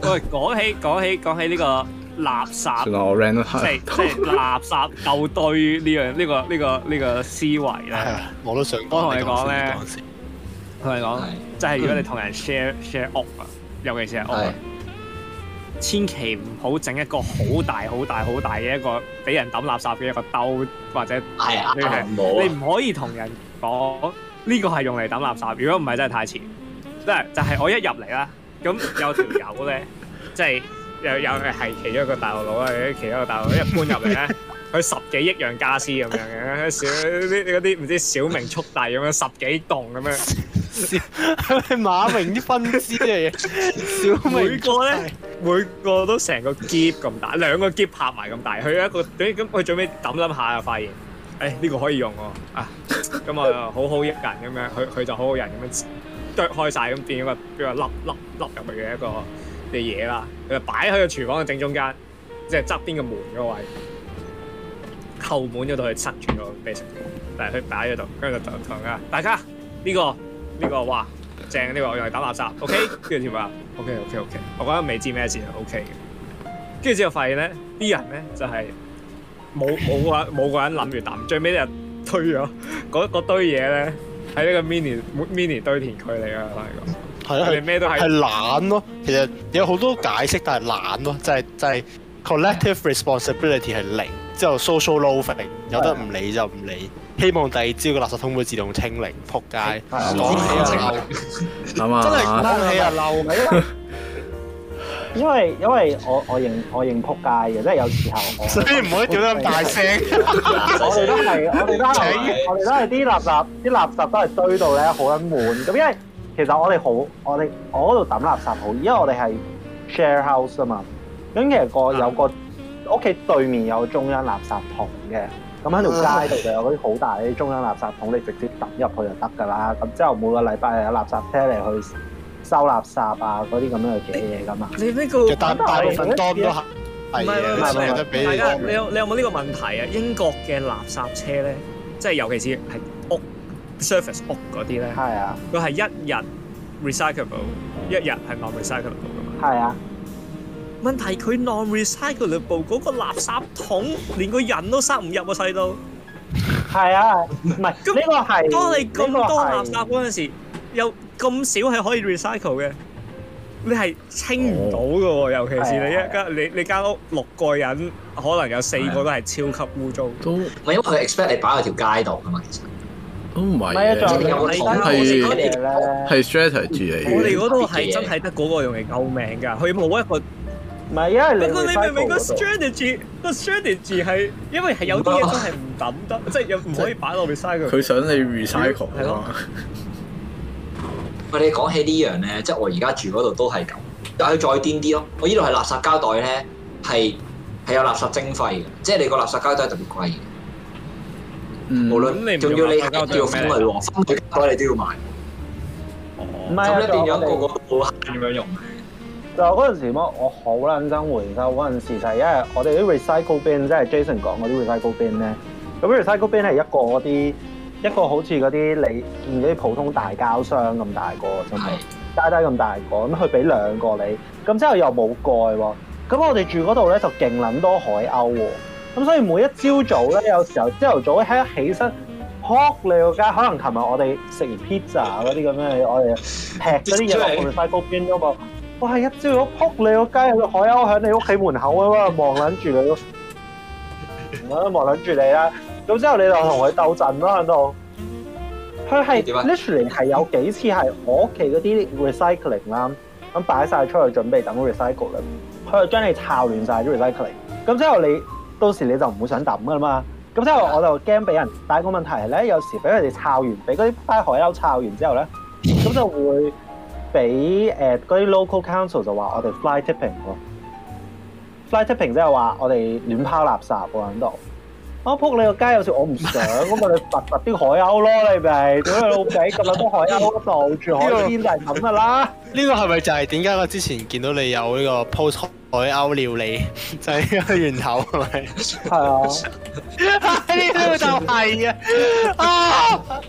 喂，講起講起講起呢個。垃圾，即係即係垃圾兜堆呢樣呢個呢、 [laughs] 這個呢、這個這個思維咧。係啊，我都想幫同你講咧。幫同你講，你你 [laughs] 即係如果你同人 share share 屋啊，尤其是係屋，千祈唔好整一個好大好大好大嘅一個俾人抌垃圾嘅一個兜，或者係、哎這個、啊，你唔可以同人講呢 [laughs] 個係用嚟抌垃圾。如果唔係，真係太遲。即係就係我一入嚟啦，咁有條友咧，即 [laughs] 係、就是。又有係其，其中一個大陸佬啊！其中一個大陸佬一搬入嚟咧，佢十幾億樣家私咁樣嘅，小啲嗰啲唔知小明速遞咁樣十幾棟咁樣，係咪 [laughs] 馬明啲分屍嚟嘅。小明個咧，每個都成個篋咁大，兩個篋拍埋咁大。佢一個，等於咁佢準備抌諗諗下又發現，誒、哎、呢、這個可以用喎啊！咁啊我好好益人咁樣，佢佢就好好人咁樣剁開晒咁變咗個變個粒粒粒入去嘅一個。嘅嘢啦，佢就擺喺個廚房嘅正中間，即係側邊個門嗰位，扣滿咗度去塞住個垃圾，但係佢擺喺度，跟住就強強啊！大家呢、呢個呢、呢個哇正，呢、呢個我用嚟抌垃圾，OK？呢條啊，OK OK OK，我覺得未知咩事，啊，OK。跟住之後發現咧，啲人咧就係冇冇個冇個人諗住抌，最尾就推咗嗰堆嘢咧喺呢個 mini mini 堆填區嚟啊！嚟、嗰個係咯，係懶咯。其實有好多解釋，但係懶咯，即係即係 collective responsibility 係零，之後 social loafing 有得唔理就唔理。希望第二朝個垃圾桶會自動清零，撲街，講起就嬲。真係講起就嬲，因為因為我我認我認撲街嘅，真係有時候我。所以唔好做得咁大聲。我哋都係我哋都係，我哋都係啲垃圾，啲垃圾都係堆到咧好鬼滿。咁因為其實我哋好，我哋我嗰度抌垃圾好，因為我哋係 share house 啊嘛。咁、嗯、其實個有個屋企對面有中央垃圾桶嘅，咁喺條街度就有嗰啲好大啲中央垃圾桶，你直接抌入去就得㗎啦。咁之後每個禮拜有垃圾車嚟去收垃圾啊，嗰啲咁樣嘅嘢㗎嘛。欸、你呢、呢個但你、呢個、你都你大部分多唔係？唔係唔係係，大家你有你有冇呢個問題啊？英國嘅垃圾車咧，即係尤其是，是 surface 屋嗰啲咧，佢係一日 recyclable，一日係 non-recyclable 噶嘛？係啊。問題佢 non-recyclable 嗰個垃圾桶，連個人都塞唔入個細度。係啊，唔係呢個係當你咁多垃圾嗰陣時，又咁少係可以 recycle 嘅，你係清唔到噶喎。尤其是你一間你你間屋六個人，可能有四個都係超級污糟。都唔係因為佢 expect 你擺喺條街度㗎嘛，其實。都唔係，唔係再用你，係係 strategy 嚟。我哋嗰度係真係得嗰個用嚟救命㗎，佢冇一個唔係。不過你明唔明個 strategy？個 strategy 係因為係有啲嘢真係唔抌得，即係又唔可以擺落去嘥佢。佢想你 recycle 係咯。喂，你講起呢樣咧，即係我而家住嗰度都係咁，但係再癲啲咯。我呢度係垃圾膠袋咧，係係有垃圾徵費嘅，即係你個垃圾膠袋係特別貴嘅。無論仲、嗯、要你大家 friend 嚟喎，分幾你都要買，咁、哦啊、一定要個、那個好慳咁樣用。就嗰陣時麼，我好捻憎回收嗰陣時，就係因為我哋啲 recycle bin 即係 Jason 講嗰啲 recycle bin 咧，咁 recycle bin 係一個啲一個好似嗰啲你唔知普通大膠箱咁大個，真係，大大咁大個，咁佢俾兩個你，咁之後又冇蓋喎，咁我哋住嗰度咧就勁捻多海鷗。咁所以每一朝早咧，有時候朝頭早喺一起身，撲你個街。可能琴日我哋食完 pizza 嗰啲咁嘅嘢，我哋劈咗啲嘢落去 recycle bin 㗎嘛。一朝早撲你個街，個海鷗喺你屋企門口啊嘛，望撚住你咯，望撚住你啦。咁之後你就同佢鬥陣啦喺度。佢係 literally 係有幾次係我屋企嗰啲 recycling 啦，咁擺晒出去準備等 recycle 啦。佢就將你抄亂晒咗啲 recycling。咁之後你。到時你就唔會想抌噶啦嘛，咁之後我就驚俾人，但係個問題係咧，有時俾佢哋摷完，俾嗰啲批海鷗摷完之後咧，咁 [laughs] 就會俾誒嗰啲 local council 就話我哋 fly tipping 喎，fly tipping 即係話我哋亂拋垃圾喎喺度， [laughs] 我仆、啊、你個街有時我唔想，咁 [laughs] 我哋揼揼啲海鷗咯，你咪做咩老鬼咁、 [laughs] 這個就是、樣幫海鷗攔住海就嚟咁噶啦？呢個係咪就係點解我之前見到你有呢個 post？海鷗料理就係呢個源頭係咪？係啊，呢度就係啊！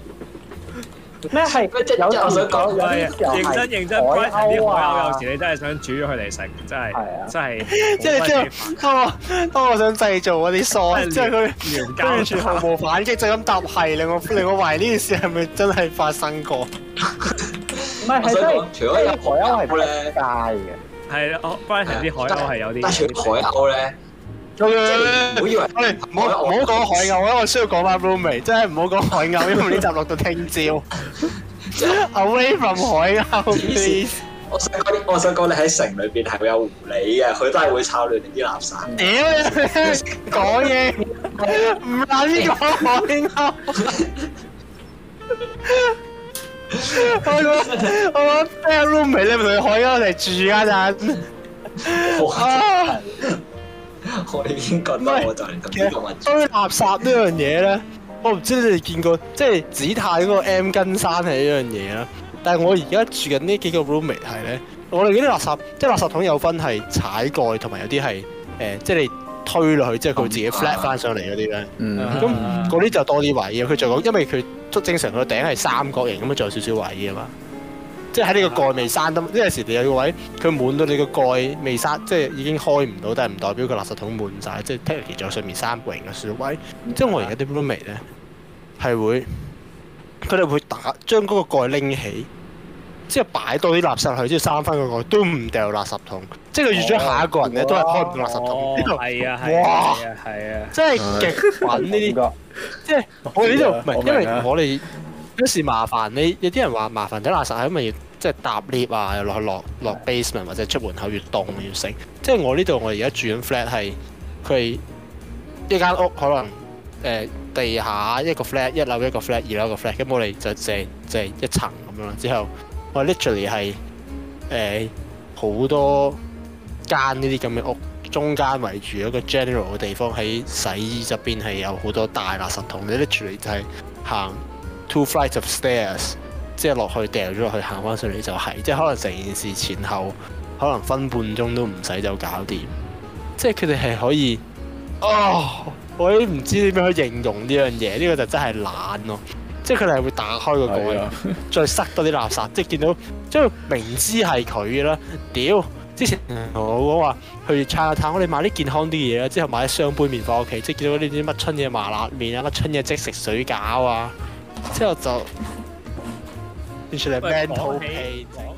咩係？有就想講，認真認真，關於啲海鷗有時你真係想煮咗佢嚟食，真係真係。即係你知啦，當我想製造我啲餸，即係佢完全毫無反擊，就咁答係你。我我懷疑呢件事係咪真係發生過？唔係，係真係。因為海鷗係撲街嘅。係，翻嚟啲海鷗係有啲。但係海鷗咧，唔好以為我哋唔好唔好講海鷗，我咧我需要講翻 roommate，真係唔好講海鷗，因為呢集落到聽朝。Away from 海鷗，please。我想講啲，我想講你喺城裏邊係會有狐狸嘅，佢都係會抄亂你啲垃圾。屌你，講嘢唔諗呢個海鷗。 [laughs] 我我 pair roommate 咧，唔同你開喺我一齊住啊，真。哇、 [laughs] 啊！可以咁咯，我就係同呢個問題。堆垃圾呢樣嘢咧，我唔知你哋見過，即係紫泰嗰個 M 根山係呢樣嘢啦。但係我而家住緊呢幾個 roommate 係咧，我哋嗰啲垃圾，即係垃圾桶有分係踩蓋，同埋有啲係誒，即係你。推落去即係佢自己 flat 翻上嚟嗰啲咧，咁嗰啲就多啲懷疑。佢就講，因為佢正常佢個頂係三角形，咁啊仲有少少懷疑啊嘛。即係喺呢個蓋未閂得，呢陣時就有個位佢滿到你個蓋未閂，即係已經開唔到，但係唔代表個垃圾桶滿晒。即係 Terry 仲有上面三角形嘅少位。即係我而家啲 roommate 咧係會，佢哋會打將嗰個蓋拎起。之後擺多啲垃圾去，之後閂返個外都唔掉垃圾桶，即係佢預咗下一個人咧，都係開唔到垃圾桶。呢、哦、度，啊，係啊，係啊，即係極品呢啲，即係、啊 [laughs] 就是、我哋呢度唔係，因為我哋有時麻煩你，有啲人話麻煩啲垃圾係因為要，即係搭 lift 啊，又落去落落 basement 或者出門口越凍越成。即係我呢度，我哋而家住緊 flat 係佢一間屋，可能誒、呃、地下一個 flat，一樓一個 flat，二樓一個 flat，咁我哋就借借一層咁樣之後。我係 literally 係誒好多間呢啲咁嘅屋，中間圍住一個 general 嘅地方，喺洗衣側邊係有好多大垃圾桶，你 literally 就係行 two flights of stairs，即係落去掉咗落去，行翻上嚟就係、是，即係可能成件事前後可能分半鐘都唔使就搞掂，即係佢哋係可以啊、哦，我都唔知點樣去形容呢樣嘢，呢、這個就真係懶咯。即係佢哋係會打開個蓋，再塞多啲垃圾。 [laughs] 即係見到，即係明知係佢嘅啦。屌， [laughs] 之前我講話去拆下探，我哋買啲健康啲嘢啦。之後買一箱杯麵放屋企，即係見到呢啲乜春嘢麻辣麵啊，乜春嘢即食水餃啊，之後就完全係 mental pain [laughs]